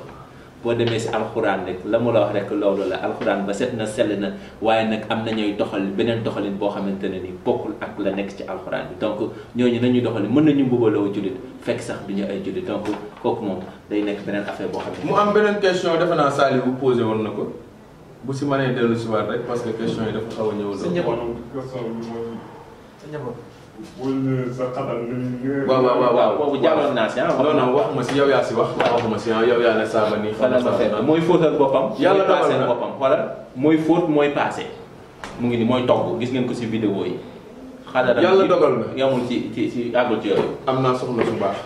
boo demee si alxuraan rek la mu la wax rek loolu la alxuraan ba set na sell na waaye nag am na ñooy doxal beneen doxalin boo xamante ne ni bokkul ak la nekk ci alxuraan bi donc ñooñu nañu doxalin mën ñu nañu mbubaloo jullit fekk sax du ñu ay jullit donc kooku moom day nekk beneen affaire boo xam ne. mu am beneen question defe naa Saliou bu posé woon na ko bu si mënee dellu si waat rek parce que question yi dafa xaw a ñëw. sa njaboot sa njaboot. waaw waaw waaw waaw boobu jàlloon naa si ah non non waxuma si yow yaa si wax waxuma si yow yaa la saaba ni xala ma fekk mooy fóotal boppam yàlla dogal na boppam xoola mooy fóot mooy passé mu ngi ni mooy togg gis si vidéo yi xadara am naa soxla su baax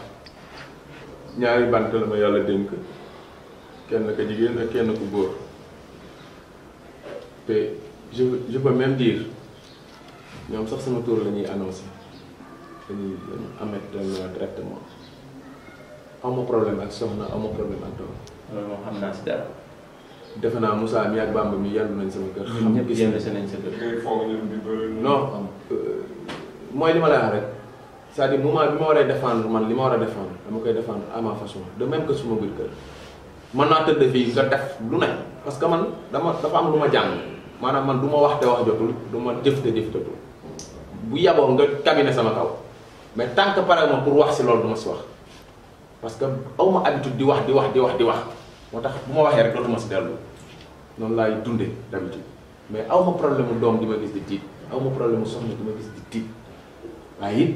ñaari bant la ma yàlla dénk kenn ka jigéen ak kenn ku góor te je je peux même dire ñoom sax sama tour de ñuy annoncé dañuy dañu amet directement amoo problème ak soxna amoo problème ak doom loolu moom xam naa si dara defe naa Moussa mi ak Bamba mi yàllu nañ sama kër xam ñëpp gis nañ sa kër foog ñu di bëri non mooy li ma lay wax rek c'est-à-dire moment bi ma waree défendre man li ma war a défendre dama koy défendre à ma façon de même que suma biir kër man naa tëdd fii nga def lu ne parce que man dama dafa am lu ma jàng maanaam man du ma wax te wax jotul du ma jëf te jëf jotul bu yaboo nga kabine sama kaw mais tant que pare moom pour wax si loolu du ma wax parce que aw ma habitude di wax di wax di wax di wax moo tax bu rek dootuma si dellu noonu laay dunde d' habitude mais aw ma problème mu doom di ma gis di tiit aw problème soxna di ma gis di tiit waaye it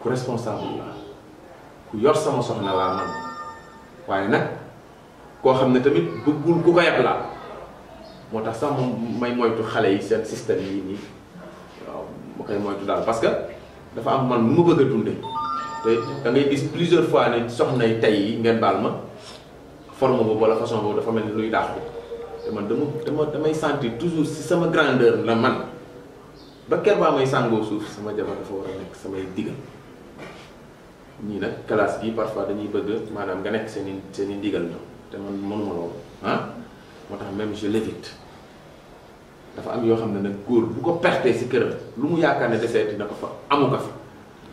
ku responsable laa ku yor sama soxna laa man waaye nag koo xam ne tamit bëggul ku ko yab laa moo tax sax moom may moytu xale yi système yi moytu parce que dafa am man mu ma bëgg a dunde te da ngay gis plusieurs fois ne soxna yi tey yi ngeen baal ma forme boobu wala façon boobu dafa mel ni luy dàqu te man dama dama damay sentir toujours si sama grandeur la man ba ker baa may sàngoo suuf sama jabar dafa war a nekk samay digal ñii nag classe gi parfois dañuy bëgg maanaam nga nekk seen i seen i ndigal te man mënuma loolu ah moo tax même je l'évite dafa am yoo xam ne nag góor bu ko pertee si këram lu mu yaakaar ne deseeti na fa amu ko fi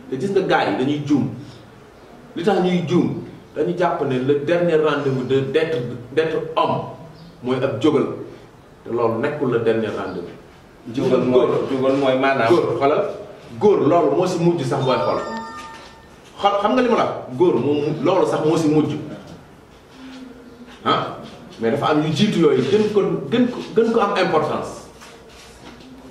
te gis nga gars yi dañuy juum li tax ñuy juum dañu jàpp ne le dernier rendez-vous de d' être d' être homme mooy ab jógal te loolu nekkul le dernier rendez-vous. jógal mooy jógal mooy maanaam góor xoolal góor loolu moo si mujj sax booy xool xool xam nga li la góor moo loolu sax moo si mujj ah mais dafa am yu jiitu yooyu gën ko gën ko gën ko am importance.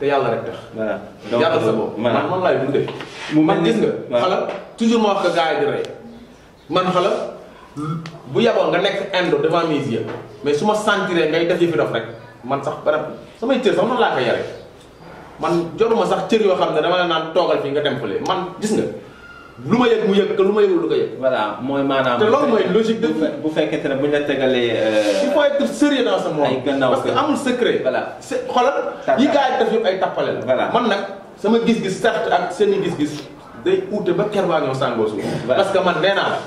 te yàlla rek tax. donc yàlla sa bopp man man laay dundee. mu man gis nga. xala toujours ma wax ko gars yi di rey man xala bu yaboo nga nekk indo devant mes yeux mais su ma sentiree ngay def yi fi dof rek man sax barab samay cër sax man laa ko yare man joruma sax cër yoo xam ne dama la naan toogal fii nga dem fële man gis nga. lu ma yëg mu yëg te lu ma yëgul du ko yëg. mooy maanaam. te loolu mooy logique de bu fekkee ne bu ñu la tegalee. Euh, il faut être sérieux dans ce monde. ay parce que def yëpp ay tappale la. voilà man nag sama gis-gis certes ak seen i gis day uute ba ker baa ñoo sàngoo suuf. parce que man nee naa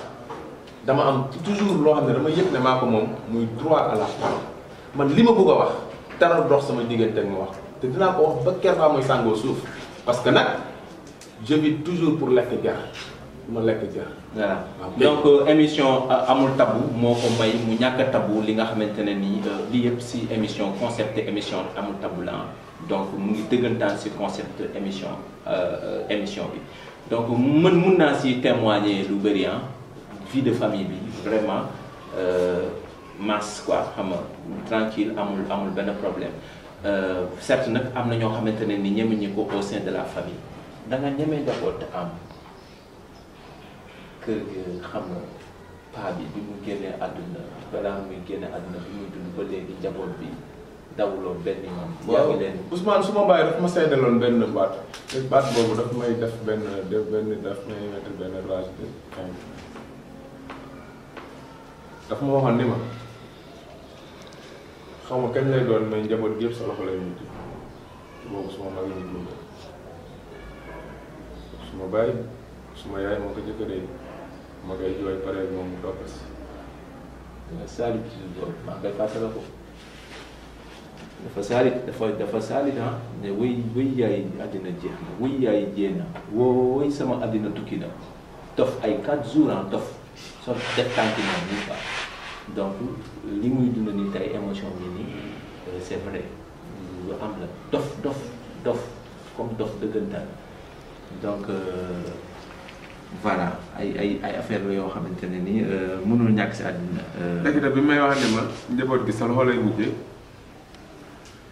dama am toujours loo xam ne dama yëg ne maa ko moom muy droit a la man li ma bëgg wax dara dox sama diggante ak ma wax te dinaa ko wax ba mooy sàngoo suuf parce que nag. je vis toujours pour lekk jax ma ah, donc euh, émission euh, amul Tabou, moo ko may mu ñàkk a tabu li nga ni euh, li émission concept émission amul Tabou. là. donc mu ngi dans ce concept émission émission bi donc man mun naa témoigner lu bëri hein. vie de famille bi vraiment masse quoi xam nga tranquille amul amul ben problème certes nag am na ñoo xamante ko au sein de la famille da nga ñemee njaboot am kër gi xam nga paa bi bi mu génnee àdduna balaa muy génne àdduna bi muy dund ba léegi njaboot bi dawuloo benn yoon. yaa ngi leen Ousmane su ma bàyyi dafa ma seedaloon benn baat te baat boobu daf may def benn def may mettre benn rage de daf ma waxoon ni ma xaw ma kañ doon mais njaboot gi yëpp sa lay mujj boobu su ma mag la ñu suma baay suma yaay moo ko njëkk a dee ma ngay jooy pare moom mu topp si. dina saalit ci loolu maa ngay fàttale ko dafa saalit dafa dafa saalit ah ne wéy wéy yaay àddina jeex na wéy yaay jee na woo sama àddina tukki na dof ay quatre jours ah dof soo def tànki moom nii quoi donc li muy dund nii tey émotion bi nii c'est lu am la dof dof dof comme dof dëggantaan. donc euh, voilà ay ay ay affaire la yoo xamante ne ni euh, mënul ñàkk si àddina. Euh. léegi nag bi may wax ne ma njaboot gi sa loxo lay mujjee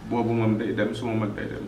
boobu moom day dem su ma mën day dem.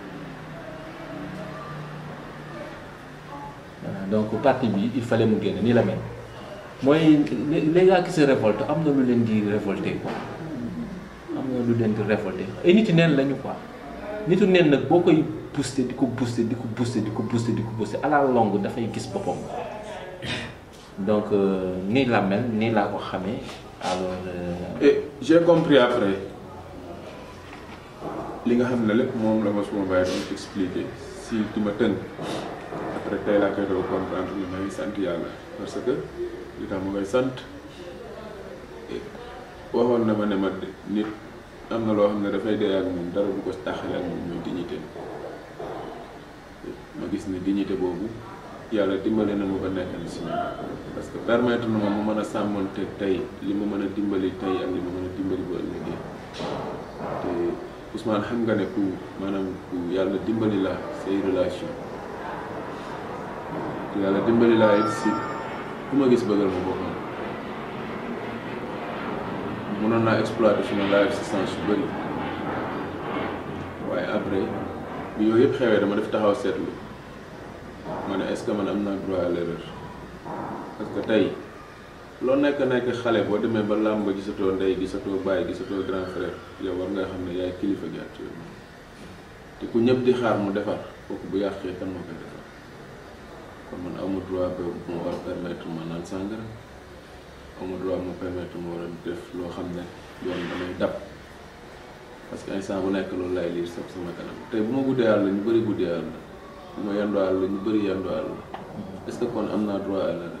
donc parti il fallait que je ni la même Moi les gars qui se révoltent ils na lu Ils révolter Ils lu leen di révolter ay là quoi ni booster di booster di booster booster à la longue euh, ni donc la même ni la ko alors. Euh, et j'ai compris après. li nga xam ne lépp la ma suma si du ma tënk après tey laa koy doo comprendre ne maa sant yàlla parce que li tax ma sant waxoon na ma ne ma nit am na loo xam ne dafay dee ak dara du ko taxale ak moom dignité ma gis ne dignité boobu yàlla dimbale na ma ba nekkal parce que permettre na ma li dimbali ak li dimbali Ousmane xam nga ne ku maanaam ku yàlla dimbali laa say relation yàlla dimbali laa it si ku ma gis bëggal ma boppam mënoon naa exploiter suma life si sens yu bëri waaye après bi yooyu yëpp xewee dama def taxaw seetlu ma ne est man am naa droit à parce que tey loolu nekk nekk xale boo demee ba làmb gisatoo ndey gisatoo bàyyi gisatoo grand frère yow war nga xam ne yaay kilifa gi actuellement te ku ñëpp di xaar mu defar kooku bu yàqee kan moo koy defar kon man amu droit loo xam ne parce que instant bu nekk loolu lay liir sax bu ma guddee àll ñu bëri guddee àll bu ma ñu bëri yendoo àll est am naa droit à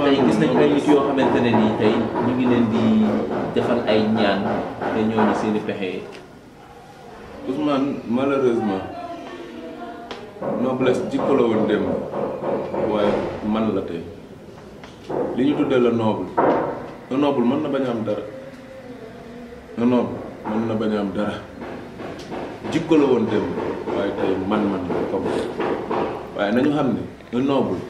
tey gis nañ ay nit yoo xamante ne nii tey ñu ngi leen di defal ay ñaan te ñooñu seen i pexe. Ousmane malheureusement noblesse jikko la woon démb waaye man la tey li ñu tuddee la noble noble mën na bañ a dara noble mën na bañ a am dara jikko la woon démb waaye tey man-man la comme waaye nañu xam ne noble.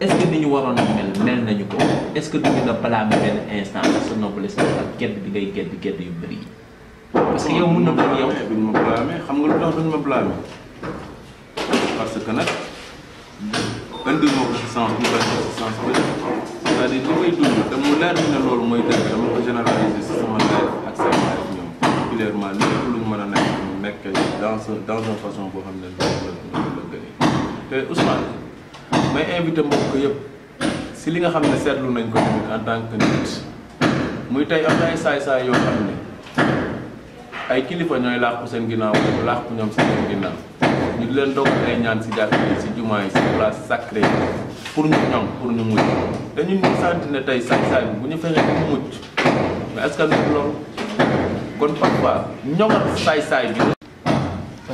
est-ce que ni ñu waroon a mel mel nañu ko est-ce que duñu la blâmer benn instant sa noblesse ak bi ngay gedd gedd yu bëri yi. parce que yow mun na ko yow duñ ma ma blâmer parce que nag indi ma si sens bu bëri si sens bëri loolu mooy dëgg si sama leer ak particulièrement lépp lu mën a nekk nekk dans dans façon boo xam ne loolu la gën te Ousmane. may invité mbokk yëpp si li nga xam ne seetlu nañ ko tamit en tant que nit muy tey am na ay saay-saay yoo xam ne ay kilifa ñooy làqu seen ginnaaw làqu ñoom seen ginnaaw ñu di leen dogal ay ñaan si jàkka yi si jumaa yi si place sacrée pour ñu ñoom pour ñu mucc te ñun ñu sant ne tey saay-saay bu ñu fexee bu mucc mais est-ce que loolu kon parfois ñoŋat saay-saay bi.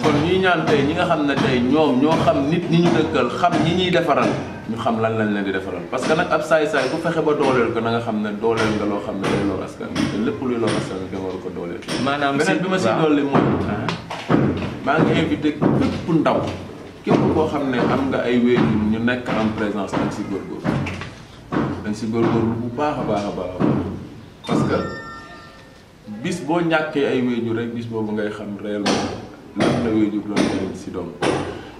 kon ñuy ñaan tey ñi nga xam ne tey ñoom ñoo xam nit ñi ñu dëkkal xam ñi ñuy defaral ñu xam lan lañ leen di defaral parce que nag ab saay saay ku fexe ba dooleel ko na nga xam ne dooleel nga loo xam ne day lor askan te lépp luy lor askan nga war ko dooleel maanaam beneen bi ma si dolli mooy ah. maa ngi invité képp ndaw képp koo xam ne am nga ay wéeru ñu nekk en présence dañ si góorgóor dañ si góorgóorlu bu baax a baax a baax a baax parce que bis boo ñàkkee ay wéeju rek bis boobu ngay xam réellement lan la ngay jublu leen si doom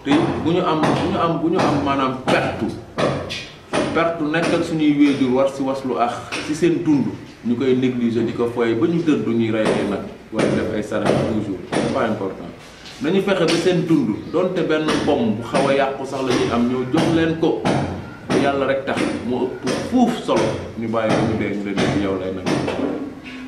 te bu ñu am bu ñu am bu am maanaam pertu pertu nekk ak suñuy wéejur war si waslu ax ah, si seen dund ñu koy négliger di ko foye ba ñu dëdd ñuy rey ay nag wala def ay sarax toujours c'est pas important nañu fexe ba seen dund donte benn bom bu xaw a yàqu sax la ñuy am ñoo jox leen ko yàlla rek tax mu ëpp fuuf solo ñu bàyyi ko ñu dee ñu leen yow lay nag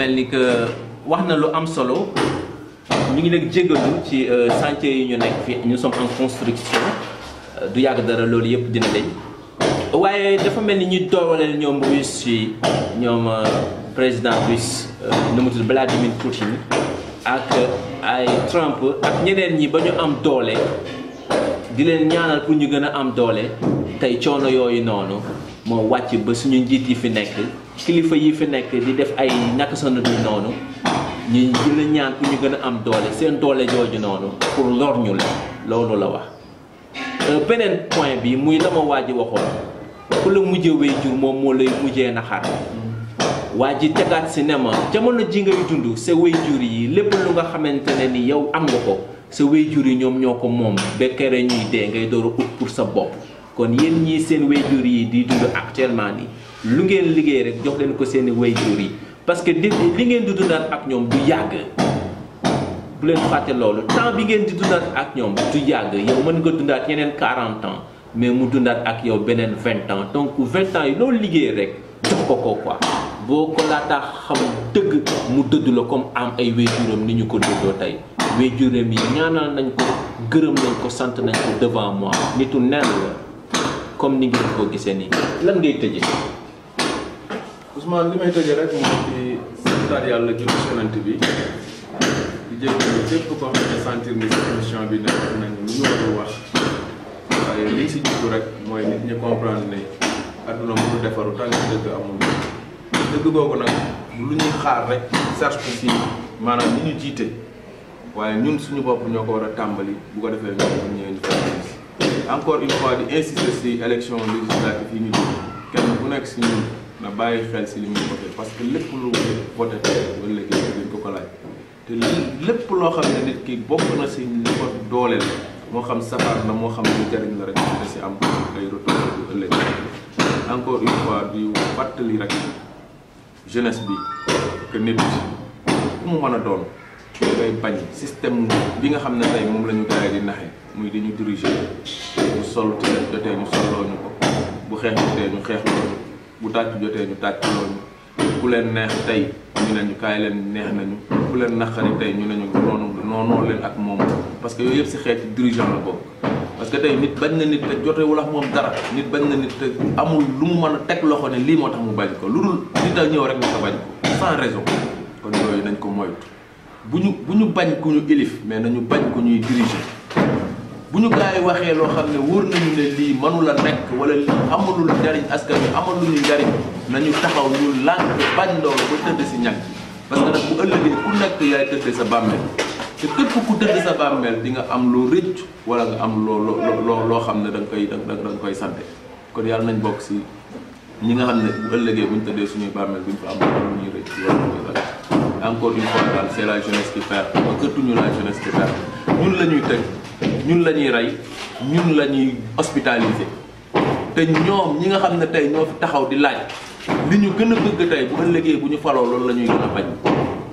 mel ni que wax na lu am solo ñu ngi nekk jégalu ci euh, chantier yi ñu nekk fii ñu sommes en construction euh, du yàgg dara loolu yëpp dina deñ waaye dafa mel ni ñu dooleel ñoom russe yi ñoom euh, président russe nu mu tudd Vladimir Poutine ak ay Trump ak ñeneen ñi ba ñu am doole di leen ñaanal pour ñu gën a am doole tey coono yooyu noonu moo wàcc ba suñu njiit yi fi nekk kilifa yi fi nekk di def ay naka sa noonu ñu ñaan ñu gën a am doole seen doole jooju noonu pour lor ñu la loolu la wax euh, beneen point bi muy la ma waa ji waxoon ku la mujjee way moom moo lay mujjee naxar waa ji tegaat si ne ma jamono ji ngay dund sa way jur yi lépp lu nga xamante ne ni yow am nga ko sa way yi ñoom ñoo ko moom bekkere ñuy dee ngay door ut pour sa bopp kon yéen ñi seen way jur yi di dund actuellement nii lu ngeen liggéey rek jox leen ko seeni i waajur yi parce que di li ngeen di dundaat ak ñoom du yàgg bu leen fàtte loolu temps bi ngeen di dundaat ak ñoom du yàgg yow mën nga dundaat yeneen 40 ans mais mu dundaat ak yow beneen 20 ans donc 20 ans yi loolu liggéey rek jox ko ko quoi boo ko laataa xam dëgg mu dëdd la comme am ay waajuram ni ñu ko dëddoo tey waajuram yi ñaanal nañ ko gërëm nañ ko sant nañ ko devant moi nitu neen la comme ni ngeen ko gisee ni lan ngay tëjee. Ousmane li may rek moom ci santaat yàlla julli sonant bi di jégalu képp koo xam ne ni si bi nekk nañu lu ñu wax waaye lii si jublu rek mooy nit ñi comprendre ne adduna mënu defaru tàng dëgg amul dëgg googu nag lu ñuy xaar rek cherche si maanaam ñi ñu jiite waaye ñun suñu bopp ñoo ko war a tàmbali bu ko defee ñoom ñëwee ñu koy encore kenn ku nekk si ñun. na bàyyi xel si li muy voté parce que lépp lu voté tey wala dañ ko ko te lépp loo xam ne nit ki bokk na si li ko dooleel moo xam safar la moo xam lu jariñ la rek si am ay retour bu ëllëg encore une di fàttali rek jeunesse bi que nit ku a doon ngay bañ bi nga xam ne tey moom la ñu gars yi di naxe te ñu solloo ñu bu xeex jotee ñu xeex loolu bu tàcc jotee ñu tàcc loolu ku leen neex tey ñu ne ñu kaay leen neex nañu ku leen naqari tey ñu ne ñu noonu leen ak moom parce que yooyu yëpp si xeeti dirigeant la bokk. parce que tey nit bañ na nit te jotewul ak moom dara nit bañ na nit te amul lu mu mën a teg loxo ne lii moo tax mu bañ ko lu dul nit a ñëw rek nga ko bañ ko sans raison kon yooyu nañ ko moytu bu ñu bu ñu bañ ku ñu ilif mais na ñu bañ ku ñuy diriger. bu ñu gaay waxee loo xam ne wóor nañu ne amulun jari la nekk wala lii amalul njariñ askan bi amalul njariñ nañu taxaw ñu lànk bañ loolu ba tëdd si ñag parce que nag bu ëllëgee ku nekk yaay tëdd sa bàmmeel te képp ku tëdd sa bàmmeel di nga am loo rëcc wala nga am loo loo loo xam ne koy koy sante kon yàlla nañ bokk si ñi nga xam bu ëllëgee bu am wala lu ñuy encore une fois c'est la jeunesse qui perd ba këttuñu la jeunesse qui perd ñun ñun la ñuy rey ñun la ñuy hospitalisé te ñoom ñi nga xam ne tey ñoo fi taxaw di laaj li ñu gën a bëgg tey bu ëllëgee bu ñu faloo loolu la ñuy gën a bañ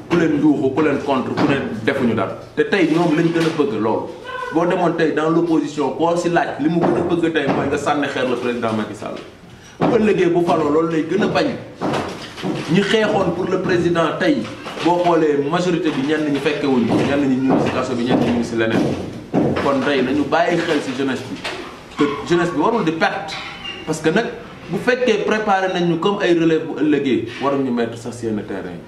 ku leen yuuxu ku leen contre ku leen defuñu dara te tey ñoom lañ gën a bëgg loolu boo demoon tey dans l'opposition koo si laaj li mu gën a bëgg tey mooy nga sànni xeer le président Macky Sall bu ëllëgee bu faloo loolu lay gën a bañ ñi xeexoon pour le président tey boo xoolee majorité bi ñenn ñi fekkewuñu ñenn ñi ñu ngi si kaso bi ñenn ñi ñu si leneen kon tey nañu bàyyi xel ci jeunesse bi te jeunesse bi warul di perte parce que nag bu fekkee préparé nañ ñu comme ay relève bu ëllëgee waruñu mettre sax seen terrain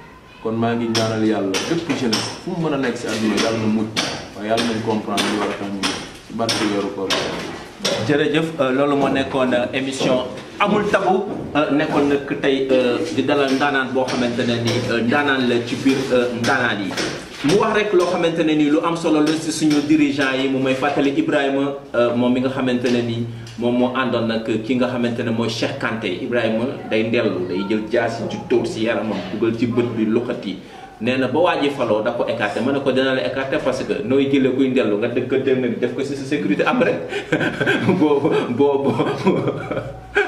kon maa ngi ñaanal yàlla bépp jeunesse fu mu mën a nekk ci àdduna yàlla na mucc waaye yàlla nañ comprendre li war a tax ñu ci barke weeru euh, loolu moo nekkoon euh, émission amul tabu euh, nekkoon nag tey di dalal ndaanaan boo xamante ne ni ndaanaan la ci biir ndaanaan yi mu wax rek loo xamante ne nii lu am solo la si suñu dirigeant yi mu may fàttali Ibrahima euh, moom mi nga xamante ne nii moom moo àndoon nag ki nga xamante ne mooy Cheikh Kanté Ibrahima day ndellu day jël jaasi ju tóor si yaramam dugal ci bët bi luxat yi nee na ba waaji faloo da ko écarté ma ne ko dina la écarté parce que nooy jëlee kuy ndellu nga dëkk dëkk def ko si sa sécurité am boo boobu boo.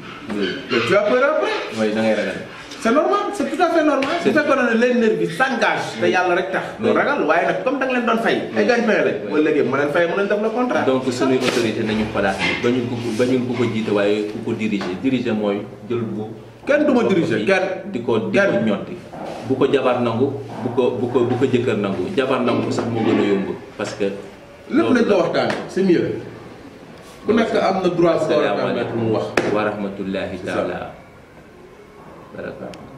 mais mooy da ngay sa c' est normal c' est tout à fait normal. c' est bu fekkoon ne les nervis s' yàlla rek tax. loolu ragal waaye nag comme da leen doon fay. ay gaañ fay lañ. wala léegi mu leen fay mu leen def le contrat. donc suñuy autorité nañu xalaat ba ku ko jiite waaye ku ko diriger diriger mooy jël bu. kenn du ma diriger di ko di ko ñotti. bu ko jabar nangu bu ko bu ko bu ko jëkkër nangu jabar nangu sax moo gën a yomb parce que. loolu lépp lañ ko waxtaan c'est mieux. ku nekk am na droit. asalaamaaleykum wa rahmatulahi taala barakaatu